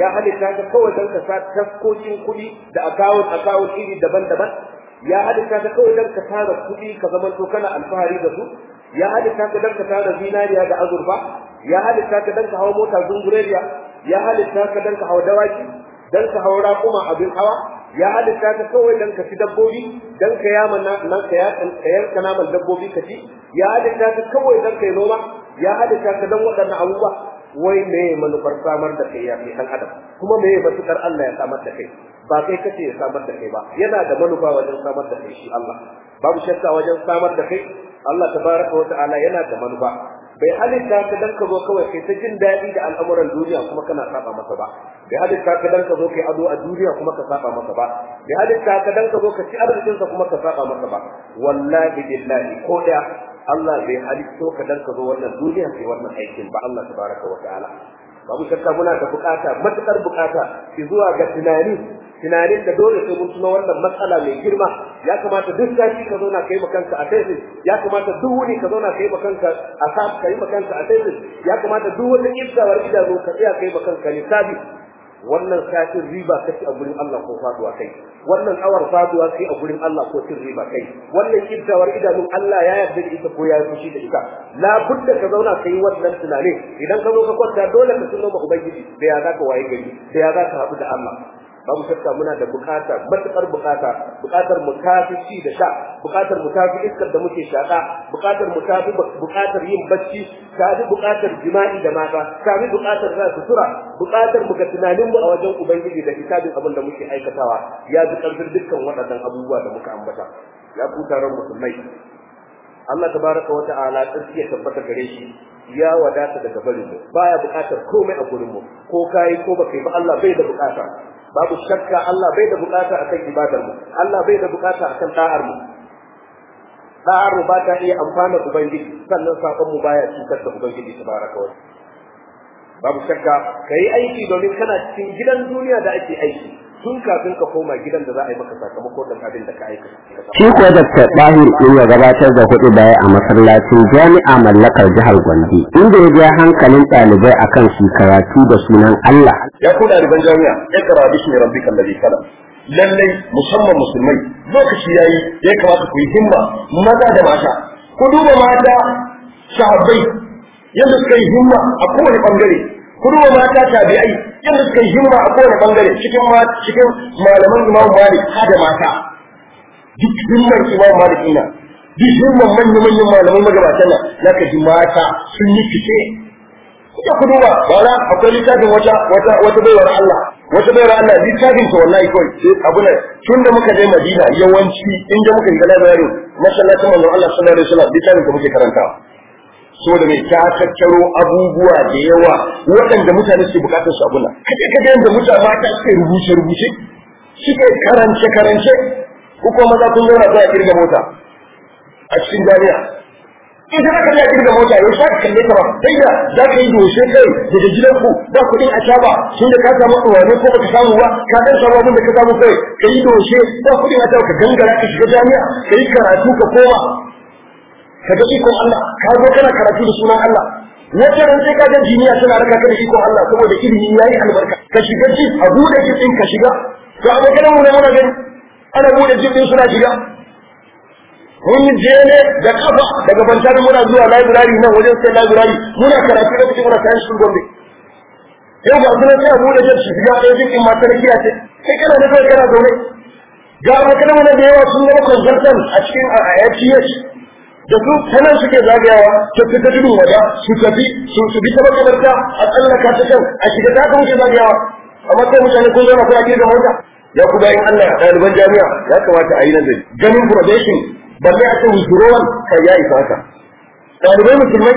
ya halitta ka kawai dan ka sa taskokin kuɗi da akawun akawun iri daban-daban ya halitta ka kawai dan ka tara kuɗi ka zama to kana alfahari da su ya halitta ka dan ka tara zinariya da azurfa ya halitta ka dan ka hawa mota zungurariya ya halitta ka dan ka hawa dawaki dan ka hawa raƙuma abin hawa ya halitta ka kawai dan ka ci dabbobi dan ka yama nan ka yanka naman dabbobi ka ci ya halitta ka kawai dan ka yi noma ya halitta ka dan waɗannan abubuwa wai ya manufar samar da kai ya kai dan adam kuma ya matukar Allah ya samar da kai ba kai kace ya samar da kai ba yana da manufa wajen samar da kai shi Allah babu shakka wajen samar da kai Allah tabaraka wa ta'ala yana da manufa bai halitta ka dan ka zo kawai kai ta jin daɗi da al'amuran duniya kuma kana saba masa ba bai halitta ka dan ka zo kai ado a duniya kuma ka saba masa ba bai halitta ka dan ka zo ka ci arzikin sa kuma ka saba masa ba wallahi billahi ko ɗaya. Allah bai halitto ka dan ka zo wannan duniya sai wannan aikin ba Allah tabaraka wa ta'ala babu shakka muna da bukata matukar bukata ki zuwa ga tunani tunanin da dole sai mun tuna wannan matsala mai girma ya kamata duk sati ka zauna kai makanka a kai ya kamata duk wuni ka zauna kai makanka a sa kai makanka a kai ya kamata duk wata ibsawar idanu ka iya kai makanka lissafi wannan satin riba kace a gurin Allah ko faduwa kai wannan awar faduwa kai a gurin Allah ko cin riba kai wannan kiftawar idanun Allah ya yarda da ita ko ya fushi da ita la budda ka zauna kai wannan tunanin idan ka zo ka kwanta dole ka tuno ma ubangiji da ya zaka waye gari da ya zaka haɗu da Allah babu shakka muna da bukata matukar bukata bukatar mu tafi ci da sha bukatar mu tafi iskar da muke shaka bukatar mu tafi bukatar yin bacci tafi bukatar jima'i da mata tafi bukatar za su tura bukatar mu ga tunanin mu a wajen ubangiji da kitabin abin da muke aikatawa ya ji karfin dukkan waɗannan abubuwa da muka ambata ya ku taron musulmai Allah tabaraka wa ta'ala tsirkiya tabbata gare shi ya wadata daga barin baya bukatar komai a gurin mu ko kai ko baka yi ba Allah bai da bukata babu shakka Allah bai da bukata akan ibadar mu Allah bai da bukata akan da'ar mu da'ar mu ba ta iya amfana ubangiji sannan sakon mu baya cutar da ubangiji tabaraka wa babu shakka kai aiki domin kana cikin gidan duniya da ake aiki tun kafin ka koma gidan da za a yi maka sakamako da abin da ka aikata shi ko da ta ya gabatar da kuɗi baya a masallacin jami'a mallakar jihar Gombe inda ya biya hankalin ɗalibai akan shi karatu da sunan Allah ya ku ɗaliban jami'a ya kara bismi rabbikal ladhi khalaq lallai musamman musulmai lokaci yi. ya kamata ku yi himma maza da mata ku duba mata sahabbai yadda suka yi himma a kowane bangare kuduwa mata tabi'ai yadda suka yi himma a kowane bangare cikin cikin malaman imamu malik ha da mata duk himman imamu malik ina duk himman manyan manyan malamai magabatan nan ka ji mata sun yi fice kudu ba wala akwai littafin wata wata wata baiwar Allah wata baiwar Allah littafin ta wallahi kawai sai abu ne tun da muka je Madina yawanci inda muka yi galabari masallacin manzon Allah sallallahu alaihi wasallam littafin da muke karantawa saboda mai ta tattaro abubuwa da yawa waɗanda mutane su bukatar su abuna kaje ga yadda mutane mata suke rubuce rubuce suke karance karance ko kuma maza kun zauna zuwa kirga mota a cikin jami'a in ka a kirga mota yau sai ka kalle ta ba sai da za ka yi doshe kai daga gidan ku ba kuɗin a shaba tun da ka samu tsawane ko baka samu ba ka dan samu abin da ka samu kai ka yi doshe ba kuɗin a shaba ka gangara ka shiga jami'a ka yi karatu ka koma ka ga ikon Allah ka zo kana karatu da sunan Allah wace ran sai ka ga jiniya tana raka ka da ikon Allah saboda ilimi yayi albarka ka shiga ji a bude jibin ka shiga to abokan mu ne muna gani ana bude jibin suna shiga mun je ne da kafa daga bantar muna zuwa library nan wajen sai library muna karatu da kuma muna kayan shugaban gombe yau ga sunan sai a bude jibin shiga ɗaya jibin matar kiyace sai kana da kai kana zaune ga abokan mu da yawa sun zama consultant a cikin IHS da su kanan suke zagayawa su fita tudun waja su tafi su su bi ta makabarta a tsallaka ta can a shiga ta kan zagayawa amma sai mutane kun zama kuna kirga mota ya ku bayan Allah ɗaliban jami'a ya kamata a yi nazari ganin probation balle a ce withdrawal kai ya isa ka ɗalibai musulmai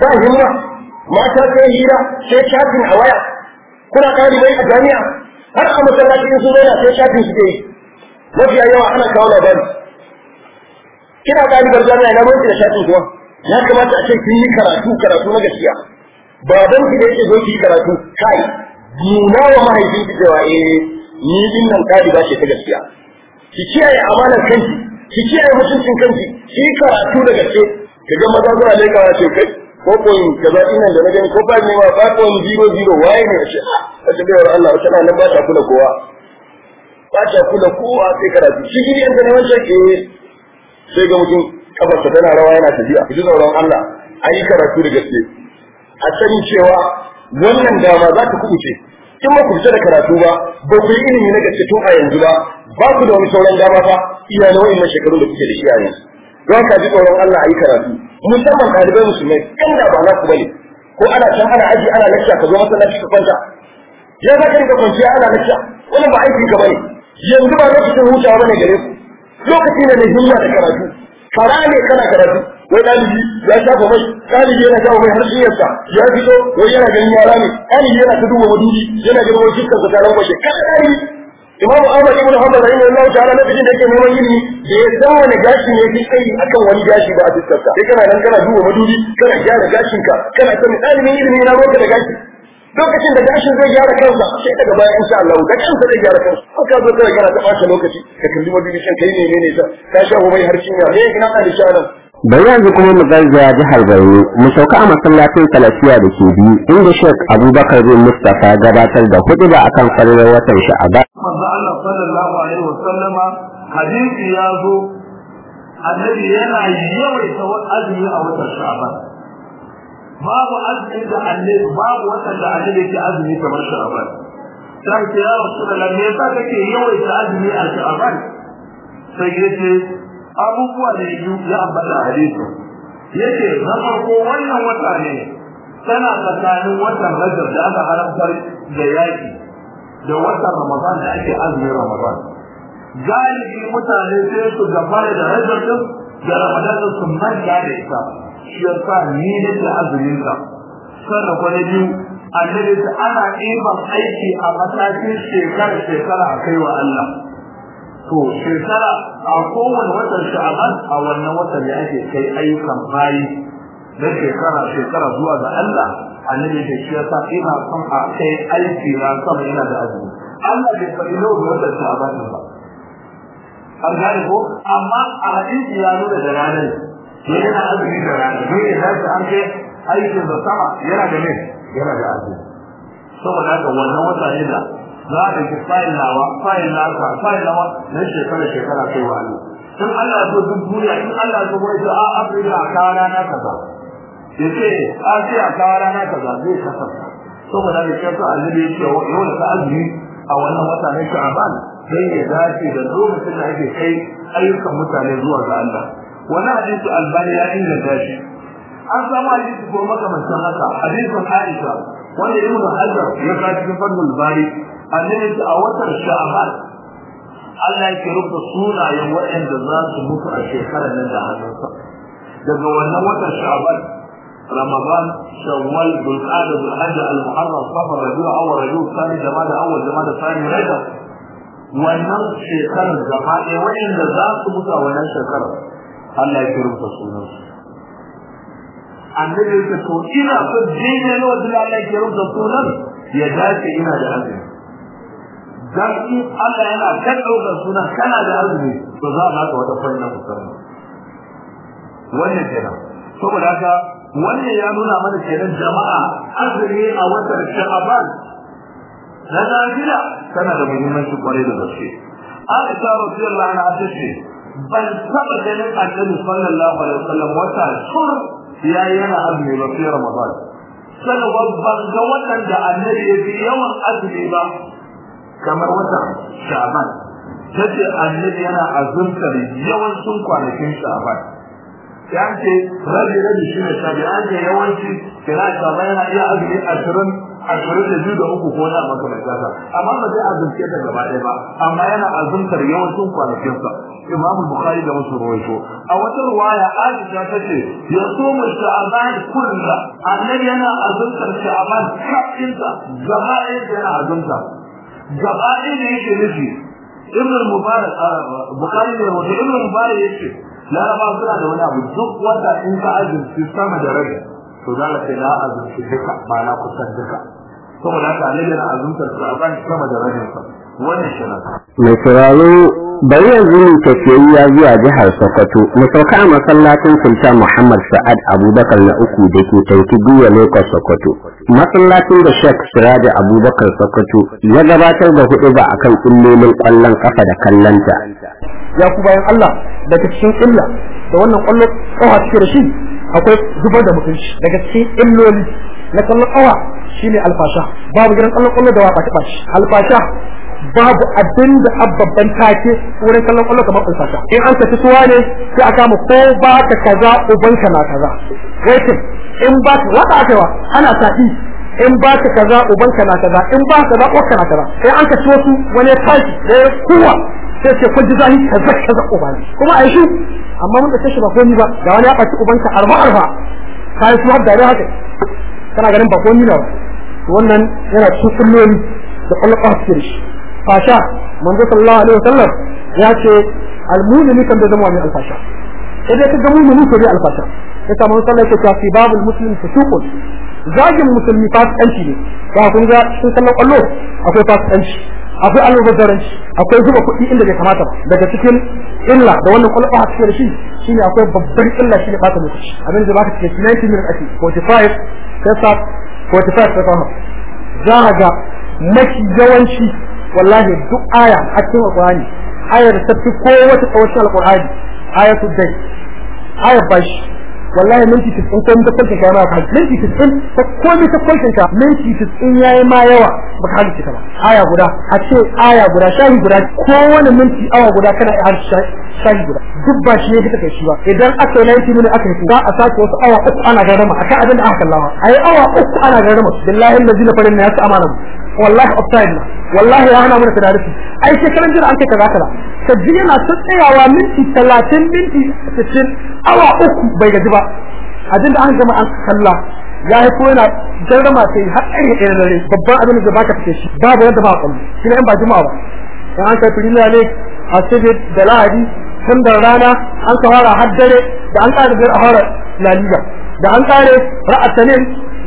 ba himma mata sai hira sai shafin a waya kuna ɗalibai a jami'a har a masallaci in sun zauna sai shafin suke yi mafiya yawa ana kawo labari kina ɗalibar jami'a na ruwanki da shafin kuwa ya kamata a ce kin yi karatu karatu na gaskiya baban ki da yake zo ki karatu kai nuna wa mahaifin ki cewa eh ni din nan ba ce ta gaskiya ki kiyaye amanar kanki ki kiyaye mutuncin kanki ki karatu da gaske ki ga maza zuwa lekawa ce kai ko point kaza ina da na gani ko ba ne ma ba point zero zero waye ne shi a ce ah, bayar Allah wata nan ba ta kula kowa ba ta kula kowa sai karatu shi gidan da ne wancan eh sai ga mutum kafarsa tana rawa yana tafiya a ji tsoron Allah an yi karatu da gaske a sani cewa wannan dama za ta kubuce in ba ku fita da karatu ba ba ku yi ilimi na gaske tun a yanzu ba ba ku da wani sauran dama iya na wa'annan shekaru da kuke da shi a yanzu don ka ji tsoron Allah a yi karatu musamman ɗalibai musulmai kan da ba na ku bane ko ana can ana aji ana lakca ka zo masallaci ka kwanta ya za ka rika kwanciya ana lakca wannan ba aikin ka bane yanzu ba cin hutawa bane gare ku lokaci ne na himma da karatu fara ne kana karatu wai ɗalibi ya shafa mai ɗalibi yana shafa mai har tsiyarsa ya fito wai yana ganin yara ne ɗalibi yana ta duba madubi yana ganin wani cikin tsakanin bashi kan ɗalibi imamu ahmad ibn hanbal rahimahullah ta'ala lokacin da yake neman ilimi da ya zama gashi ne fi tsayi akan wani gashi ba a fuskarsa sai kana nan kana duba madubi kana gyara gashinka kana sanin ɗalibin ilimi na roƙa da gashi lokacin da gashin zai gyara kansa sai daga baya insha Allah da kansa zai gyara kansa har ka zo kai kana ta ɓata lokaci ka kalli wani bishin kai ne ne ta ka sha mai har cinya ne ina da shi anan bari yanzu kuma mu garzaya jihar Borno mu sauka a masallacin Salasiya da ke biyu inda Sheikh Abubakar bin Mustafa gabatar da hudu ba akan farin watan Sha'aba manzo Allah sallallahu alaihi wasallama hadisi ya zo annabi yana yawaita azumi a watan Sha'ban babu azumi da babu wata da annabi yake azumi kamar sha'aban sai ce ya rasulullahi me yasa kake yawaita azumi a sha'aban sai yace abubuwa da yiwu ya ambata hadisi yace na farko wannan wata ne tana tsakanin watan Rajab da aka haramtar da yaki da watan Ramadan da ake azumin Ramadan galibi mutane sai su gabara da Rajab da Ramadan su manta da ita shi ya sa ni ne da azumin ka sarrafa A biyu annabi ta ana ɗiban aiki a matakin shekara shekara a kai wa Allah to shekara a kowane watan sha'aban a wannan watan da ake kai ayyukan bayi na shekara shekara zuwa ga Allah annabi da shi ya sa ina son a kai aiki na sama ina da azumi Allah bai faɗi nawa ga watan sha'aban ba an gane ko amma a hadisi ya nuna da ranar to yana azumi da rana to ya zai an ce aikin da sama yana da ne yana da azumi saboda haka wannan wata ne da za a ɗauki fayil nawa fayil nasa fayil nawa na shekara shekara kai wa Allah in Allah so duk duniya in Allah so wai a Afirka a kawo rana kaza ya ce Asiya a kawo rana kaza zai kasanta saboda ne kai annabi yake yau da azumi a wannan wata ne Sha'ban sai ya dace da lokacin da ake kai ayyukan mutane zuwa ga Allah wani hadisi albani ya inganta shi an samu hadisi ko makamantan haka hadisin aisha wanda ibnu hajar ya ka cikin fannin bari annabi a watan sha'ban Allah ya rubuta sunayen waɗanda za su mutu a shekarar nan da hannunsa daga wannan watan sha'ban رمضان شوال ذو القعدة ذو الحجة المحرم صفر ربيع أول ربيع الثاني جمادى أول جمادى الثاني رجب wannan shekarar gaba ɗaya waɗanda za su mutu a wannan shekarar Allah ya rubuta sunan su annabi ya to ina so dai ne wanda Allah ya rubuta sunan ya dace ina da azumi dan in Allah yana kaddauka sunan kana da azumi to za a baka wata nan. musamman wannan kenan saboda haka wannan ya nuna mana kenan jama'a azumi a watan Sha'aban na nafila tana da muhimmanci kwarai da gaske Aisha radiyallahu anha ta ce ban taɓa ganin annabi sallallahu alaihi wasallam wata shur ya yana azumi ba sai ramadan sannan ban ga watan da annabi ya fi yawan azumi ba kamar wata shaban ta ce annabi yana azumtar yawancin kwanakin shaban ya ce rabi rabi shi ne shabi an ce yawanci kira shaban yana iya azumi ashirin ashirin da biyu da uku ko na makamantarsa amma ba zai azumce ta gaba ɗaya ba amma yana azumtar yawancin kwanakinsa imam bukhari da wasu rawaito a wata riwaya aisha ta ce ya so mu sha'aban kulla annabi yana azumtar sha'aban kafinsa gaba ɗaya yana azumta gaba ɗaya ne yake nufi ibn mubarak bukhari ne wato ibn mubarak yake laraba suna da wani abu duk wata in ka azumci sama da rabi to za ka na azumci duka ba na kusan duka saboda haka annabi yana azumtar sha'aban sama da rabinsa mai turaro bayan yanzu mu ya zuwa jihar Sokoto mu sauka a masallacin Sultan Muhammad Sa'ad Abubakar na uku da ke Tauki Duwa lokacin Sokoto masallacin da Sheikh Siraj Abubakar Sokoto ya gabatar da hudu ba akan kullumin kwallon kafa da kallanta ya ku bayan Allah daga cikin illa da wannan kwallon kafa cikin da shi akwai zubar da mutunci daga cikin illoli na kallon kawa shine alfasha babu gidan kwallon kwallo da waka taba alfasha babu abin da abban take wurin kallon kwallo kamar in saka in an tafi suwa ne sai a kama ko ba ka kaza uban ka na kaza waitin in ba ka wata aka ana sa'i in ba ka kaza uban ka na kaza in ba ka kaza uban ka na kaza sai an tafi wasu wani tashi sai kuwa sai ce kun ji zahi kaza kaza uban kuma a shi amma mun da shi ba komai ba da wani ya ɓaci uban ka arba arba kai su har da haka kana ganin ba komai ba wannan yana cikin kulloni da kwallon kwasir shi alfasha manzo sallallahu alaihi wasallam ya ce almu'mini kan da zama wani alfasha idan ka ga mu'mini ko dai alfasha sai kamar sallallahu alaihi wasallam ya ce babul muslim fusuqun zagin musulmi fasikanci ne ba kun ga sun sallar kwallo akwai fasikanci akwai almubazzaranci akwai zuba kuɗi inda bai kamata ba daga cikin illa da wannan kwallo ba cikin shi shine akwai babbar illa shine bata lokaci abin da baka cikin 90 minutes ake 45 sai sa 45 sai za ga mafi yawanci wallahi duk aya a cikin alqur'ani ayar ta fi wata tsawon alqur'ani ayatu dai ayar bashi wallahi minti 90 ko ta ma kana ba minti 90 ko komai ta kwalta ka minti 90 yayi ma yawa ba ka halice ka ba aya guda a ce aya guda shayi guda kowane minti awa guda kana har shayi guda duk ba shi ne kake shi ba idan aka yi 90 minutes aka yi ba a sake wasu awa uku ana garama akan abin da aka kallawa ayi awa uku ana garama billahi allazi la farin na yasa amana wallahi upside na wallahi ya hana mana tadarifi ai shekaran jira an ce kaza kaza sabbi yana tsayawa minti 30 minti 60 awa uku bai gaji ba abinda an gama an kalla ya yi ko yana jarrama sai har ɗari ɗaya dare babban abin da baka fice shi babu yadda ba kwallo shi ne in ba juma'a ba in an kai firila ne a sibit da lahadi tun da rana an kawara har dare da an ƙara biyar a fara laliga da an ƙare ra'atanin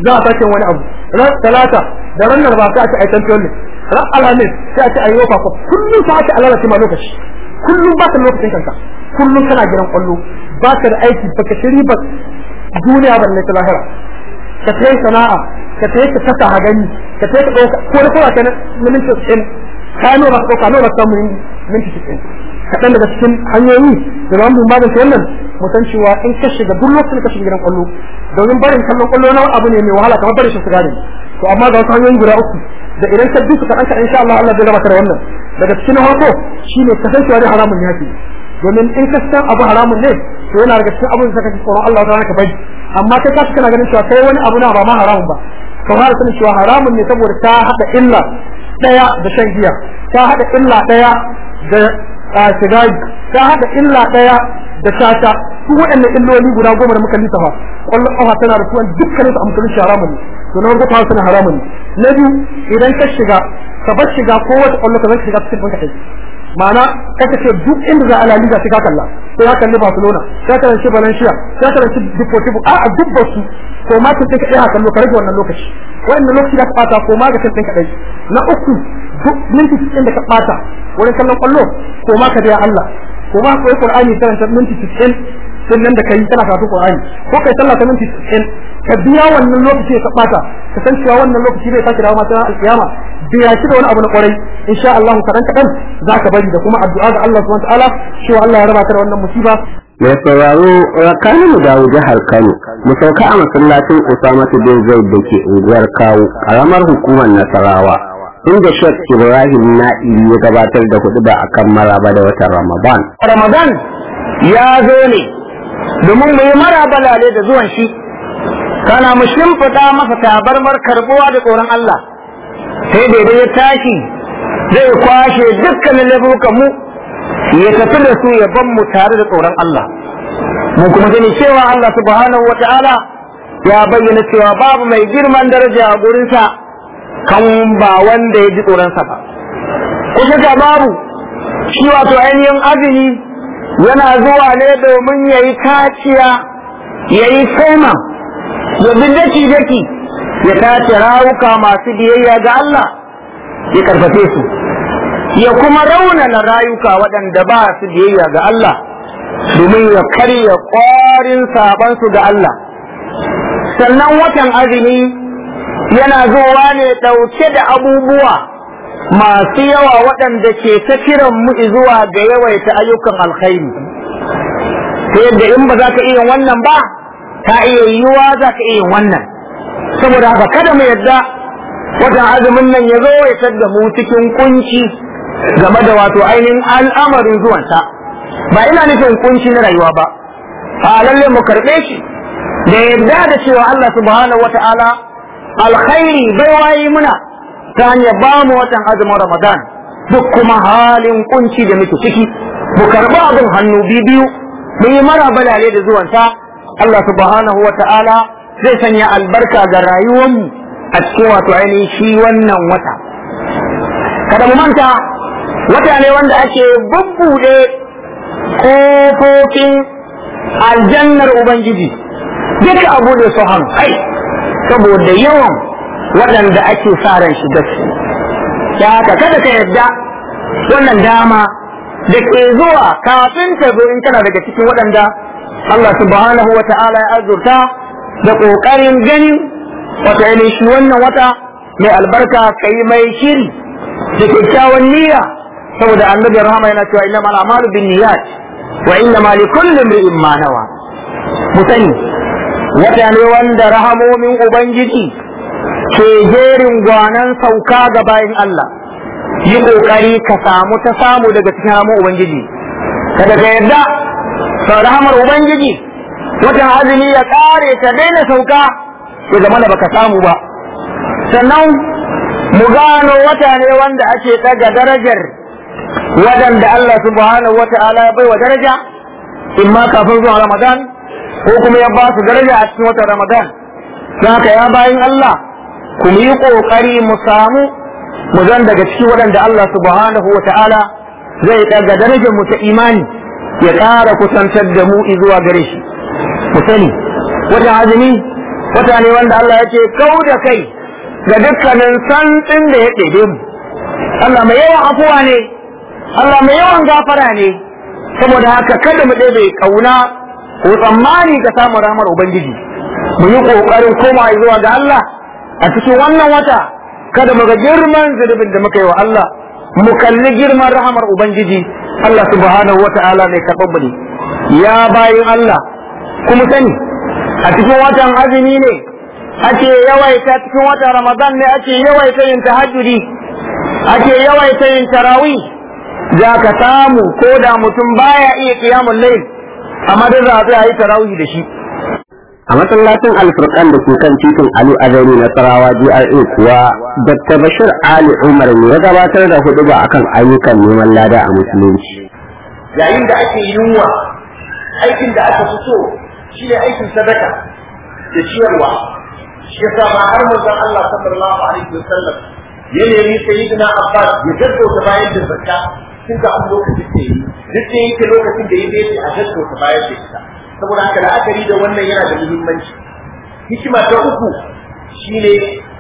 za a sake wani abu ran talata da ranar ba ta ake aikan tolin ran alhamis sai a ce a yi rofa kullum sa ake alalace ma lokaci kullum ba ka lokacin kanka kullum kana gidan kwallo ba ka da aiki ba ka shiri ba duniya ba ne ta lahira ka kai sana'a ka kai ka kasa hagani ka kai ka ɗauka ko da kowa kenan na minti tsin ka nuna ka ɗauka nuna samu minti tsin kaɗan daga cikin hanyoyi da za mu magance wannan mu san cewa in ka shiga duk lokacin ka shiga gidan kwallo domin barin kallon kwallo na abu ne mai wahala kamar barin shi sigari to amma ga wasu hanyoyi guda uku da idan ka bi su kaɗan kaɗan insha Allah Allah zai gabata da wannan daga cikin farko shine kasancewa da haramun ne yake domin in ka san abu haramun ne to yana daga cikin abun da kake tsoron Allah ta ka bari amma kai kasu kana ganin cewa kai wani abu na ba ma haramun ba ka fara sanin cewa haramun ne saboda ta haɗa illa ɗaya da shan giya ta haɗa illa ɗaya da sigari ta haɗa illa ɗaya da shata su waɗannan illoli guda goma da muka lissafa ƙwallon ƙafa tana da suwan dukkanin su a musulunci haramun ne to na farko ta haramun ne na biyu idan ka shiga ka bar shiga ko wata kwallo ka zan shiga cikin banka kai ma'ana kaka ce duk inda za a la liga sai ka kalla sai ka kalli Barcelona sai ka kalli Valencia sai ka kalli Deportivo a a duk basu ko ma ka take ɗaya kallo ka rage wannan lokaci wannan lokaci da ka bata ko ma ka kan kadai na uku duk minti cikin da ka bata wurin kallon kwallo ko ma ka biya Allah ko ma ko Qur'ani karanta minti cikin sannan da ka kai kana karatu Qur'ani ko kai sallah ta minti cikin ka biya wannan lokaci ka bata ka san cewa wannan lokaci zai saki dawo mata alkiyama biya shi da wani abu na kwarai insha Allah kadan za zaka bari da kuma addu'a ga Allah subhanahu wataala cewa Allah ya raba ka da wannan musiba mai sauraro rakanin mu dawo jihar Kano mu sauka a masallacin Usama bin Zaid da ke unguwar Kawo karamar hukumar Nasarawa inda Sheikh Ibrahim Na'ili ya gabatar da hudu ba akan maraba da watan Ramadan. Ramadan ya zo ne domin mu yi maraba da zuwan shi kana mu shimfiɗa masa tabarmar karbuwa da tsoron Allah sai daidai ya tashi zai kwashe dukkanin labuka mu ya tafi da su ya ban mu tare da tsoron Allah mu kuma gani cewa Allah subhanahu wa ta'ala ya bayyana cewa babu mai girman daraja a gurinsa kan ba wanda ya ji tsoronsa ba kusa ga babu shi wato ainihin azumi yana zuwa ne domin ya yi kaciya ya yi ya bi daki daki ya tace rawuka masu biyayya ga Allah ya karfafe su ya kuma raunana rayuka waɗanda ba su biyayya ga Allah domin ya karya ƙwarin sabansu ga Allah sannan watan azumi yana zuwa ne ɗauke da abubuwa masu yawa waɗanda ke ta kiran mu zuwa ga yawaita ayyukan alkhairi ta yadda in ba za ka iya wannan ba ta iya yiwuwa za ka iya wannan saboda haka kada mu yadda watan azumin nan ya zo ya da mu cikin kunci game da wato ainihin al'amarin zuwansa ba ina nufin kunci na rayuwa ba a lalle mu karɓe shi da yadda da cewa Allah subhanahu wata'ala alkhairi bai wayi muna ta hanyar ba mu watan azumin Ramadan duk kuma halin kunci da muke ciki mu karɓi abin hannu biyu mu yi mara balale da zuwanta Allah subhanahu wa ta'ala zai sanya albarka ga mu a cikin wato ainihin shi wannan wata kada mu manta wata ne wanda ake bubbude kofofin aljannar ubangiji duka abu da su kai saboda yawan waɗanda ake sa ran shi su Ya haka kada ka yarda wannan dama da ke zuwa kafin ta zo in kana daga cikin waɗanda Allah subhanahu wa ta'ala ya azurta da ƙoƙarin ganin wata ilin shi wannan wata mai albarka ka yi mai shiri da kyakkyawan niyya saboda annabi rahama yana cewa inna mal amalu bin niyyat wa inna ma li kulli imrin ma nawa mutani wata ne wanda rahamomin ubangiji ke jerin gwanan sauka ga bayan Allah yi ƙoƙari ka samu ta samu daga cikin rahamomin ubangiji kada ka yarda sau rahamar ubangiji watan azumi ya kare ta daina sauka ya zama da baka samu ba sannan mu gano wata ne wanda ake daga darajar wadanda Allah subhanahu ta'ala ya bai wa daraja in ma kafin zuwa Ramadan ko kuma ya ba su daraja a cikin watan Ramadan haka ya bayin Allah ku yi kokari mu samu mu zan daga cikin waɗanda Allah subhanahu wata'ala zai daga darajar mu ta imani ya ƙara kusantar da mu zuwa gare shi ku sani wata azumi wata ne wanda Allah ya ce kau da kai ga dukkanin santsin da ya ɗebe mu Allah mai yawan afuwa ne Allah mai yawan gafara ne saboda haka kada mu ɗebe ƙauna, ko tsammani ga samun ramar ubangiji mu yi ƙoƙarin koma zuwa ga Allah a cikin wannan wata kada mu ga girman zunubin da muka yi wa Allah mu kalli girman rahamar ubangiji Allah subhanahu wa ta'ala mai ya bayin Allah kuma sani a cikin watan azumi ne ake yawaita cikin watan Ramadan ne ake yawaita yin tahajjudi ake yawaita yin tarawi, za ka samu ko da mutum baya iya kiyamun lail amma da za a yi tarawi da shi a masallacin alfurkan da ke kan titin alu azami na tsarawa dra kuwa dr bashir ali umar ne ya gabatar da hudu ba akan ayyukan neman lada a musulunci yayin da ake yunwa aikin da aka fito shi ne aikin sadaka da ciyarwa shi yasa ma har manzon Allah sallallahu alaihi wasallam ya nemi sayyidina Abbas ya gaggauta bayan da zakka tun da an lokacin da yi duk da yake lokacin da ya dace a gaggauta bayan da ita saboda haka la'akari da wannan yana da muhimmanci hikima ta uku shine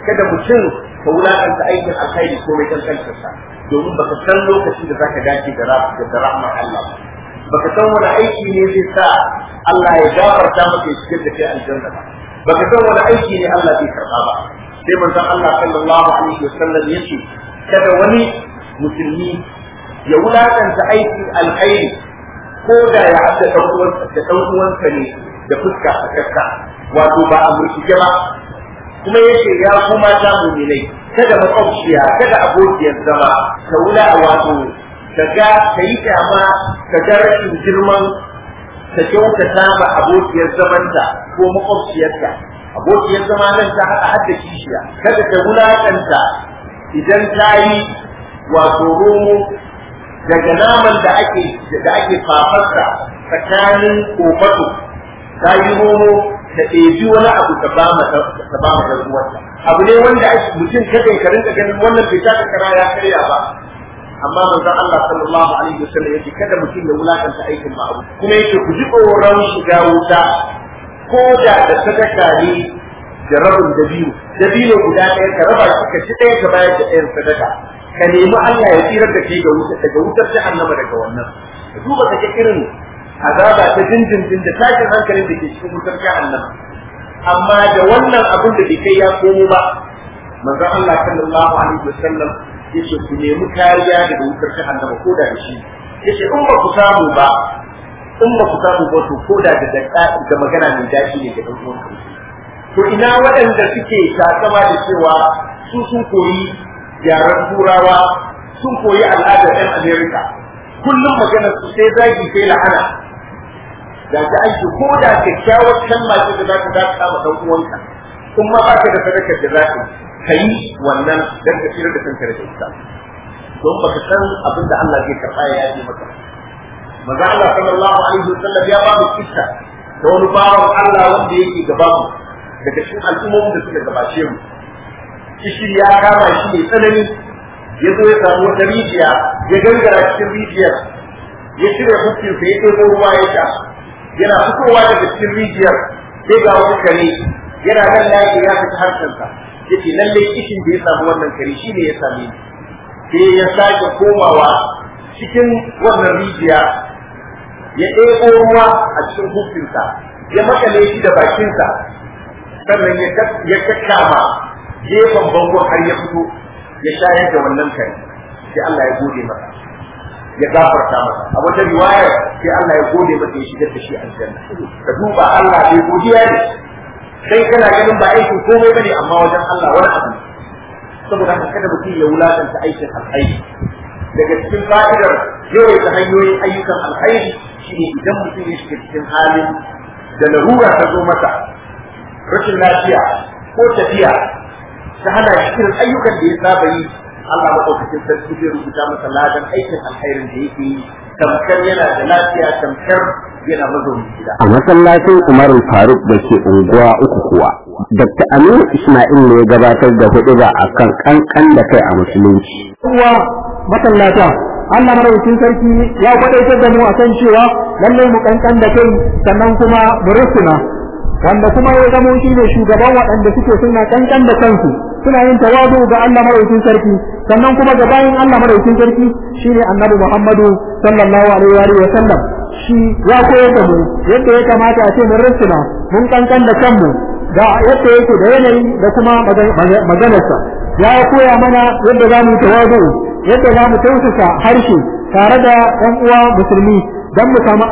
kada mutum ka wulakanta aikin alkhairi ko mai kankantarsa domin baka san lokacin da zaka dace da da rahmar Allah baka san wani aiki ne zai sa Allah ya gafarta maka ya cikin da kai aljanna ba baka san wani aiki ne Allah zai karba ba sai manzon Allah sallallahu alaihi wasallam yace kada wani musulmi ya wulakanta aikin alkhairi ko da ya haɗa ɗan uwansa ne da fuska a kasa wato ba a murtike ba kuma yace ya kuma ta mu'minai kada makwabciya kada abokiyar zama ta wula wato ta ta yi kyama ta ga rashin girman ta kyautata ma abokiyar zamanta ko makwabciyarta abokiyar zama nan ta haɗa hadda kishiya kada ta wulakanta idan ta yi wato romo daga naman da ake da ake fafarsa tsakanin kofato ta yi homo da ɗebi wani abu ta ba ma ta ba ruwanta abu ne wanda ake mutum kada ya rinka ganin wannan bai taka kara ya karya ba amma manzon Allah sallallahu alaihi wasallam yake kada mutum ya wulakanta aikin ma'abu kuma yake ku ji tsoron shiga wuta ko da da sadaka ne da rabin dabino dabino guda ɗaya ka raba ka ci ɗaya ka bayar da ɗayan sadaka ka nemi Allah ya tsirar da kai ga wuta daga wutar nama daga wannan ka duba ka irin azaba ta dindindin da tashin hankalin da ke cikin wutar nama. amma da wannan abin da bai kai ya komo ba manzon Allah sallallahu alaihi wasallam yace ku nemi kariya daga wutar nama ko da shi yace in ba ku samu ba in ba ku samu ba to ko da da magana mai dashi ne daga wutar uwanka to ina waɗanda suke takama da cewa su sun koyi yaren turawa sun koyi al'adar 'yan amerika kullum magana su sai zagi sai la'ana da ta aiki ko da kyakkyawar can ce da za ka ma dan uwanka kuma ma ba ka da sadakar da za ka yi wannan dan ka tsira da kanka da ita don ka san abin da Allah zai karɓa ya yi maka maza Allah sallallahu alaihi wasallam ya ba mu kissa da wani bawan Allah wanda yake gaba mu daga cikin al'ummomin da suka gabace mu kishiri ya kama shi mai tsanani ya zo ya samu wata rijiya ya gangara cikin rijiyar ya shirya hukunsa ya ɗebo ruwa ya sha yana fitowa daga cikin rijiyar sai ga wani kare yana nan layi ya fita harshensa ya ce lalle kishin da ya samu wannan kare shi ne ya same ni sai ya sake komawa cikin wannan rijiya ya ɗebo ruwa a cikin hukunsa ya makale shi da bakinsa sannan ya kakkama gefen bango har ya fito ya shayar da wannan kare sai Allah ya gode masa ya gafarta masa a wata riwaya sai Allah ya gode masa ya shigar da shi aljanna ka duba Allah bai godiya ne sai kana ganin ba aikin komai bane amma wajen Allah wani abu saboda haka kada mutum ya wulakanta aikin alkhairi daga cikin fa'idar ta hanyoyin ayyukan alkhairi shine idan mutum ya shiga cikin halin da larura ta zo masa rashin lafiya ko tafiya ta hana shi ayyukan da ya saba yi Allah maɗaukakin sarki zai rubuta masa ladan aikin alkhairin da yake yi tamkar yana da lafiya tamkar yana mazauni gida. A masallacin Umar Faruk da ke unguwa uku kuwa, Dr. Aminu Ismail ne ya gabatar da hudu ba a kan kankan da kai a musulunci. Uwa masallata, Allah maɗaukakin sarki ya kwaɗaitar da mu a kan cewa lallai mu kankan da kai sannan kuma mu rusuna wanda kuma ya zama shi ne shugaban waɗanda suke suna kankan da kansu suna yin tawadu ga Allah maraikin sarki sannan kuma ga bayan Allah maraikin sarki ne Annabi Muhammadu sallallahu alaihi wa sallam shi ya koyar da mu yadda ya kamata a ce mun rusuna mun kankan da kanmu da yadda yake da yanayi da kuma maganarsa ya koya mana yadda za mu tawadu yadda za mu tausasa harshe tare da ɗan uwa musulmi don mu samu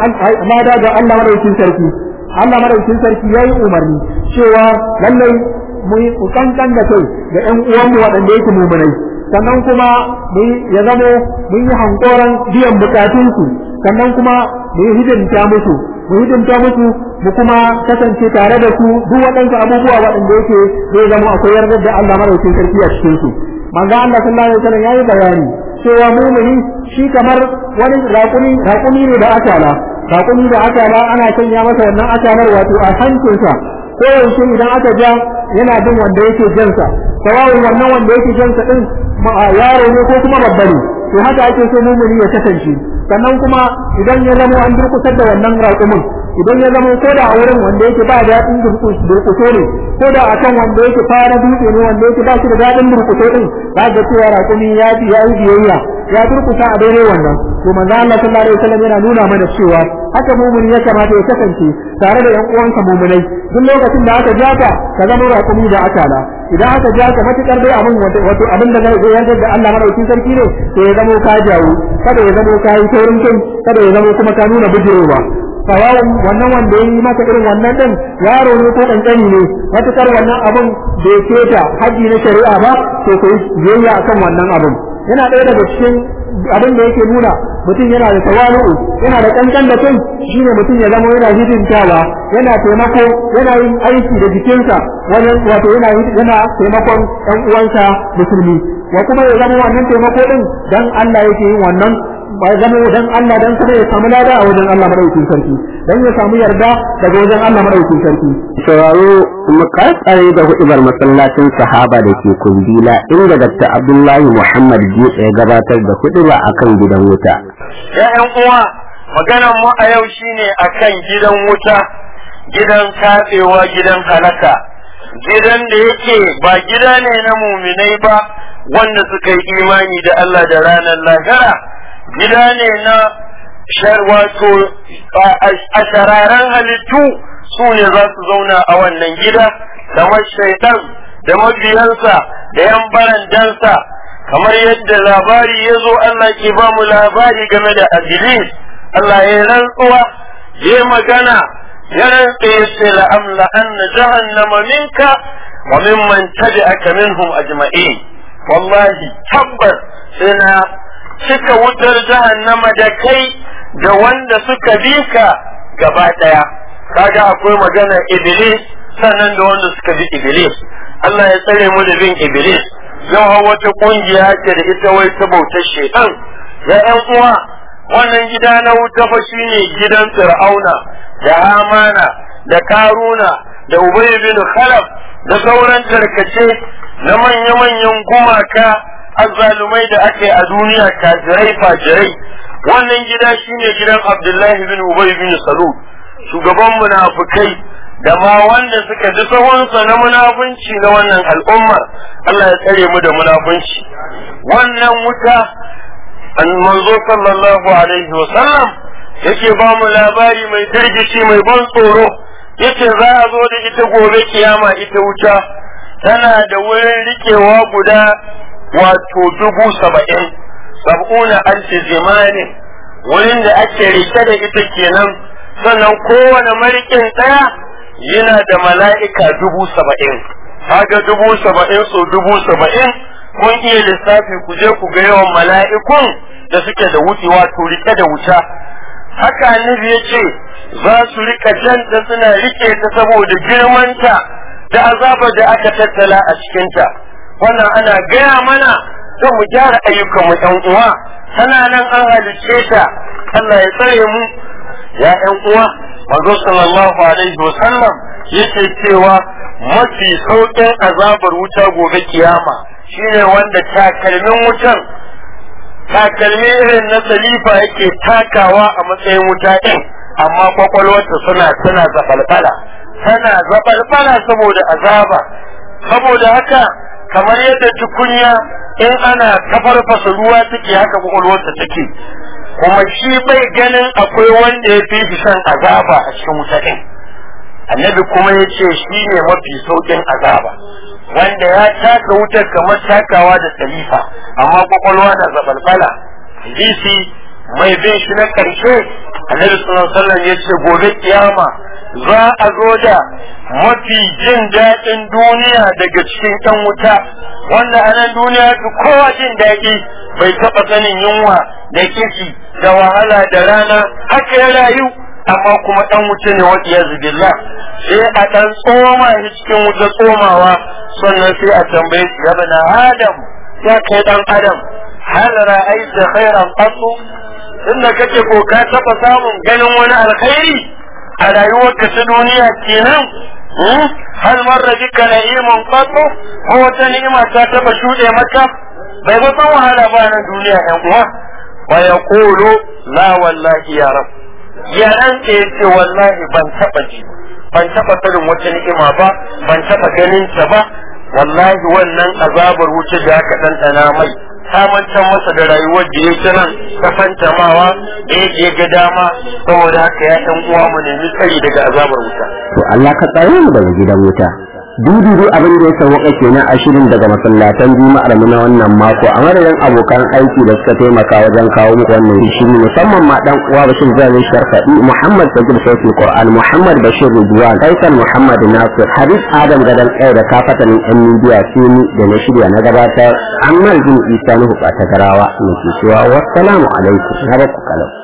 mada ga Allah maraikin sarki Allah madaukakin sarki ya yi umarni cewa lallai mu yi kankan da kai ga ƴan uwanmu waɗanda yake mumunai sannan kuma mu ya zamo mun yi hankoran biyan bukatunsu sannan kuma mu yi hidimta musu mu hidimta musu mu kuma kasance tare da su duk waɗansu abubuwa waɗanda yake zai zama akwai yardar da Allah madaukakin sarki a cikin su manzo Allah sallallahu alaihi wasallam yayi bayani cewa mu'mini shi kamar wani raƙumi raƙumi ne da asala. takumi da aka ba ana sanya masa wannan akalar wato a hankinsa ko yaushe idan aka ja yana bin wanda yake jansa sawawu wannan wanda yake jansa din yaro ne ko kuma babba ne to haka ake so mumuni ya kasance sannan kuma idan ya zama an durkusar da wannan raƙumin idan ya zama ko da a wurin wanda yake ba daɗin durkuto ne ko da a kan wanda yake fara dutse ne wanda yake ba shi da daɗin durkuto ɗin za ga cewa raƙumi ya fi ya yi biyayya ya durƙusa a daidai wannan to manzo Allah sallallahu alaihi wasallam yana nuna mana cewa haka mumuni ya kamata ya kasance tare da yan uwanka mumunai duk lokacin da aka jaka ka zama raƙumi da akala idan aka jaka matukar dai abin wato abin da zai yanzu da Allah madaukakin sarki ne to ya zama ka jawo kada ya zama ka yi taurin kai kada ya zama kuma ta nuna bujirowa sawawun wannan wanda ya yi irin wannan din yaro ne ko kankani ne matukar wannan abun bai keta haji na shari'a ba to kai biyayya akan wannan abun yana ɗaya daga cikin abin da yake nuna mutum yana da tawalu'u yana da kankan da kai shine mutum ya zama yana hidintawa yana taimako yana yin aiki da jikinsa wajen wato yana yana taimakon ɗan uwansa musulmi wa kuma ya zama wannan taimako ɗin dan Allah yake yin wannan ba zama wajen Allah dan kada ya samu lada a wajen Allah madaukakin sarki dan ya samu yarda daga wajen Allah madaukakin sarki sauraro mukassare da hudubar masallacin sahaba da ke kundila inda dakta Abdullahi Muhammad ji ya gabatar da huduba akan gidan wuta ya'yan uwa maganar mu a yau shine akan gidan wuta gidan kafewa gidan halaka gidan da yake ba gida ne na muminai ba wanda suka yi imani da Allah da ranar lahira gida ne na shar a shararen halittu su ne za su zauna a wannan gida kamar shaitan da mabiyansa da yan barandansa kamar yadda labari ya zo Allah ke ba mu labari game da Iblis Allah ya rantsuwa ya magana ya rantsa ya ce la'amla anna jahannama minka wa mimman tabi'aka minhum ajma'in wallahi tabbas sai na cika wutar jahannama da kai da wanda suka bi ka gaba daya kaga akwai magana iblis sannan da wanda suka bi iblis Allah ya tsare mu da bin iblis yau wata kungiya ce da ita wai ta bautar ɗan. ya yan uwa wannan gida na wuta fa shine gidan fir'auna da amana da karuna da ubay bin khalaf da sauran tarkace na manya-manyan gumaka azzalumai da aka yi a duniya kajirai fajirai wannan gida shine gidan Abdullahi bin Ubay bin Salul shugaban munafukai da ma wanda suka ji sahunsa na munafunci na wannan al'ummar Allah ya tsare mu da munafunci wannan wuta an manzo sallallahu alaihi wa yake ba mu labari mai firgici mai ban tsoro yace za a zo da ita gobe kiyama ita wuta tana da wurin rikewa guda wato dubu saba'in sab'una alfi zimanin wurin da ake rike da ita kenan sannan kowane marikin ɗaya yana da mala'ika dubu saba'in Haga dubu saba'in so dubu saba'in kun iya lissafi ku je ku ga yawan mala'ikun da suke da wuce wato rike da wuta haka annabi ya ce za su rika janta suna rike ta saboda girmanta da azabar da aka tattala a cikinta. wannan ana gaya mana don mu gyara ayyukanmu mu ɗan uwa tana nan an halicce ta Allah ya tsare mu ya ɗan uwa manzo sallallahu alaihi wasallam yake cewa mafi sauƙin azabar wuta gobe kiyama shine wanda takalmin wutan takalmi irin na salifa yake takawa a matsayin wuta ɗin amma kwakwalwarta suna suna zabalbala tana zabalbala saboda azaba saboda haka kamar yadda tukunya in ana tafarfasa ruwa take haka kwakwalwarsa take kuma shi bai ganin akwai wanda ya fi fi shan azaba a cikin wuta ɗin annabi kuma ya ce shi ne mafi sauƙin azaba wanda ya taka wutar kamar takawa da talifa amma kwakwalwa na zabalbala hadisi mai bin shi na ƙarshe annabi sallallahu alaihi wasallam ya ce gobe kiyama za a zo da mafi jin daɗin duniya daga cikin ɗan wuta wanda a nan duniya su kowa jin daɗi bai taɓa sanin yunwa da kirki da wahala da rana haka ya rayu amma kuma ɗan wuce ne wani yanzu billah sai a ɗan tsoma shi cikin wuta tsomawa sannan sai a tambaye shi ya bana adam ya kai ɗan adam hal ra'aita khairan qatu inda kake ko ka taɓa samun ganin wani alkhairi a rayuwarka ta duniya kenan hmm? hal marra bika na'imun qatu ko wata ni'ima ta taba shuɗe maka bai ga wahala ba na duniya ɗan uwa wa yaqulu la wallahi ya rab ya nan ce ce wallahi ban taɓa ji ban taɓa sanin wata ni'ima ba ban taba ganin ta ba wallahi wannan azabar wuce da aka ɗanɗana mai samancan masa da rayuwar da yake nan ta fantamawa da yake ga dama saboda haka ya ɗan uwa mu nemi tsari daga azabar wuta to Allah ka tsare mu daga gidan wuta dudu abin da ya sauwaka kenan a shirin daga masallatan juma'ar mu na wannan mako a madadin abokan aiki da suka taimaka wajen kawo muku wannan shiri musamman ma dan uwa bashir zai sharfadi muhammad sajid sauki qur'an muhammad bashir ridwan kaisar muhammad nasir habib adam gadan kai da kafatanin yan midiya ni da na shirya na gabatar amma jin isa nuhu ta garawa ne ke cewa wassalamu alaikum na ku kalau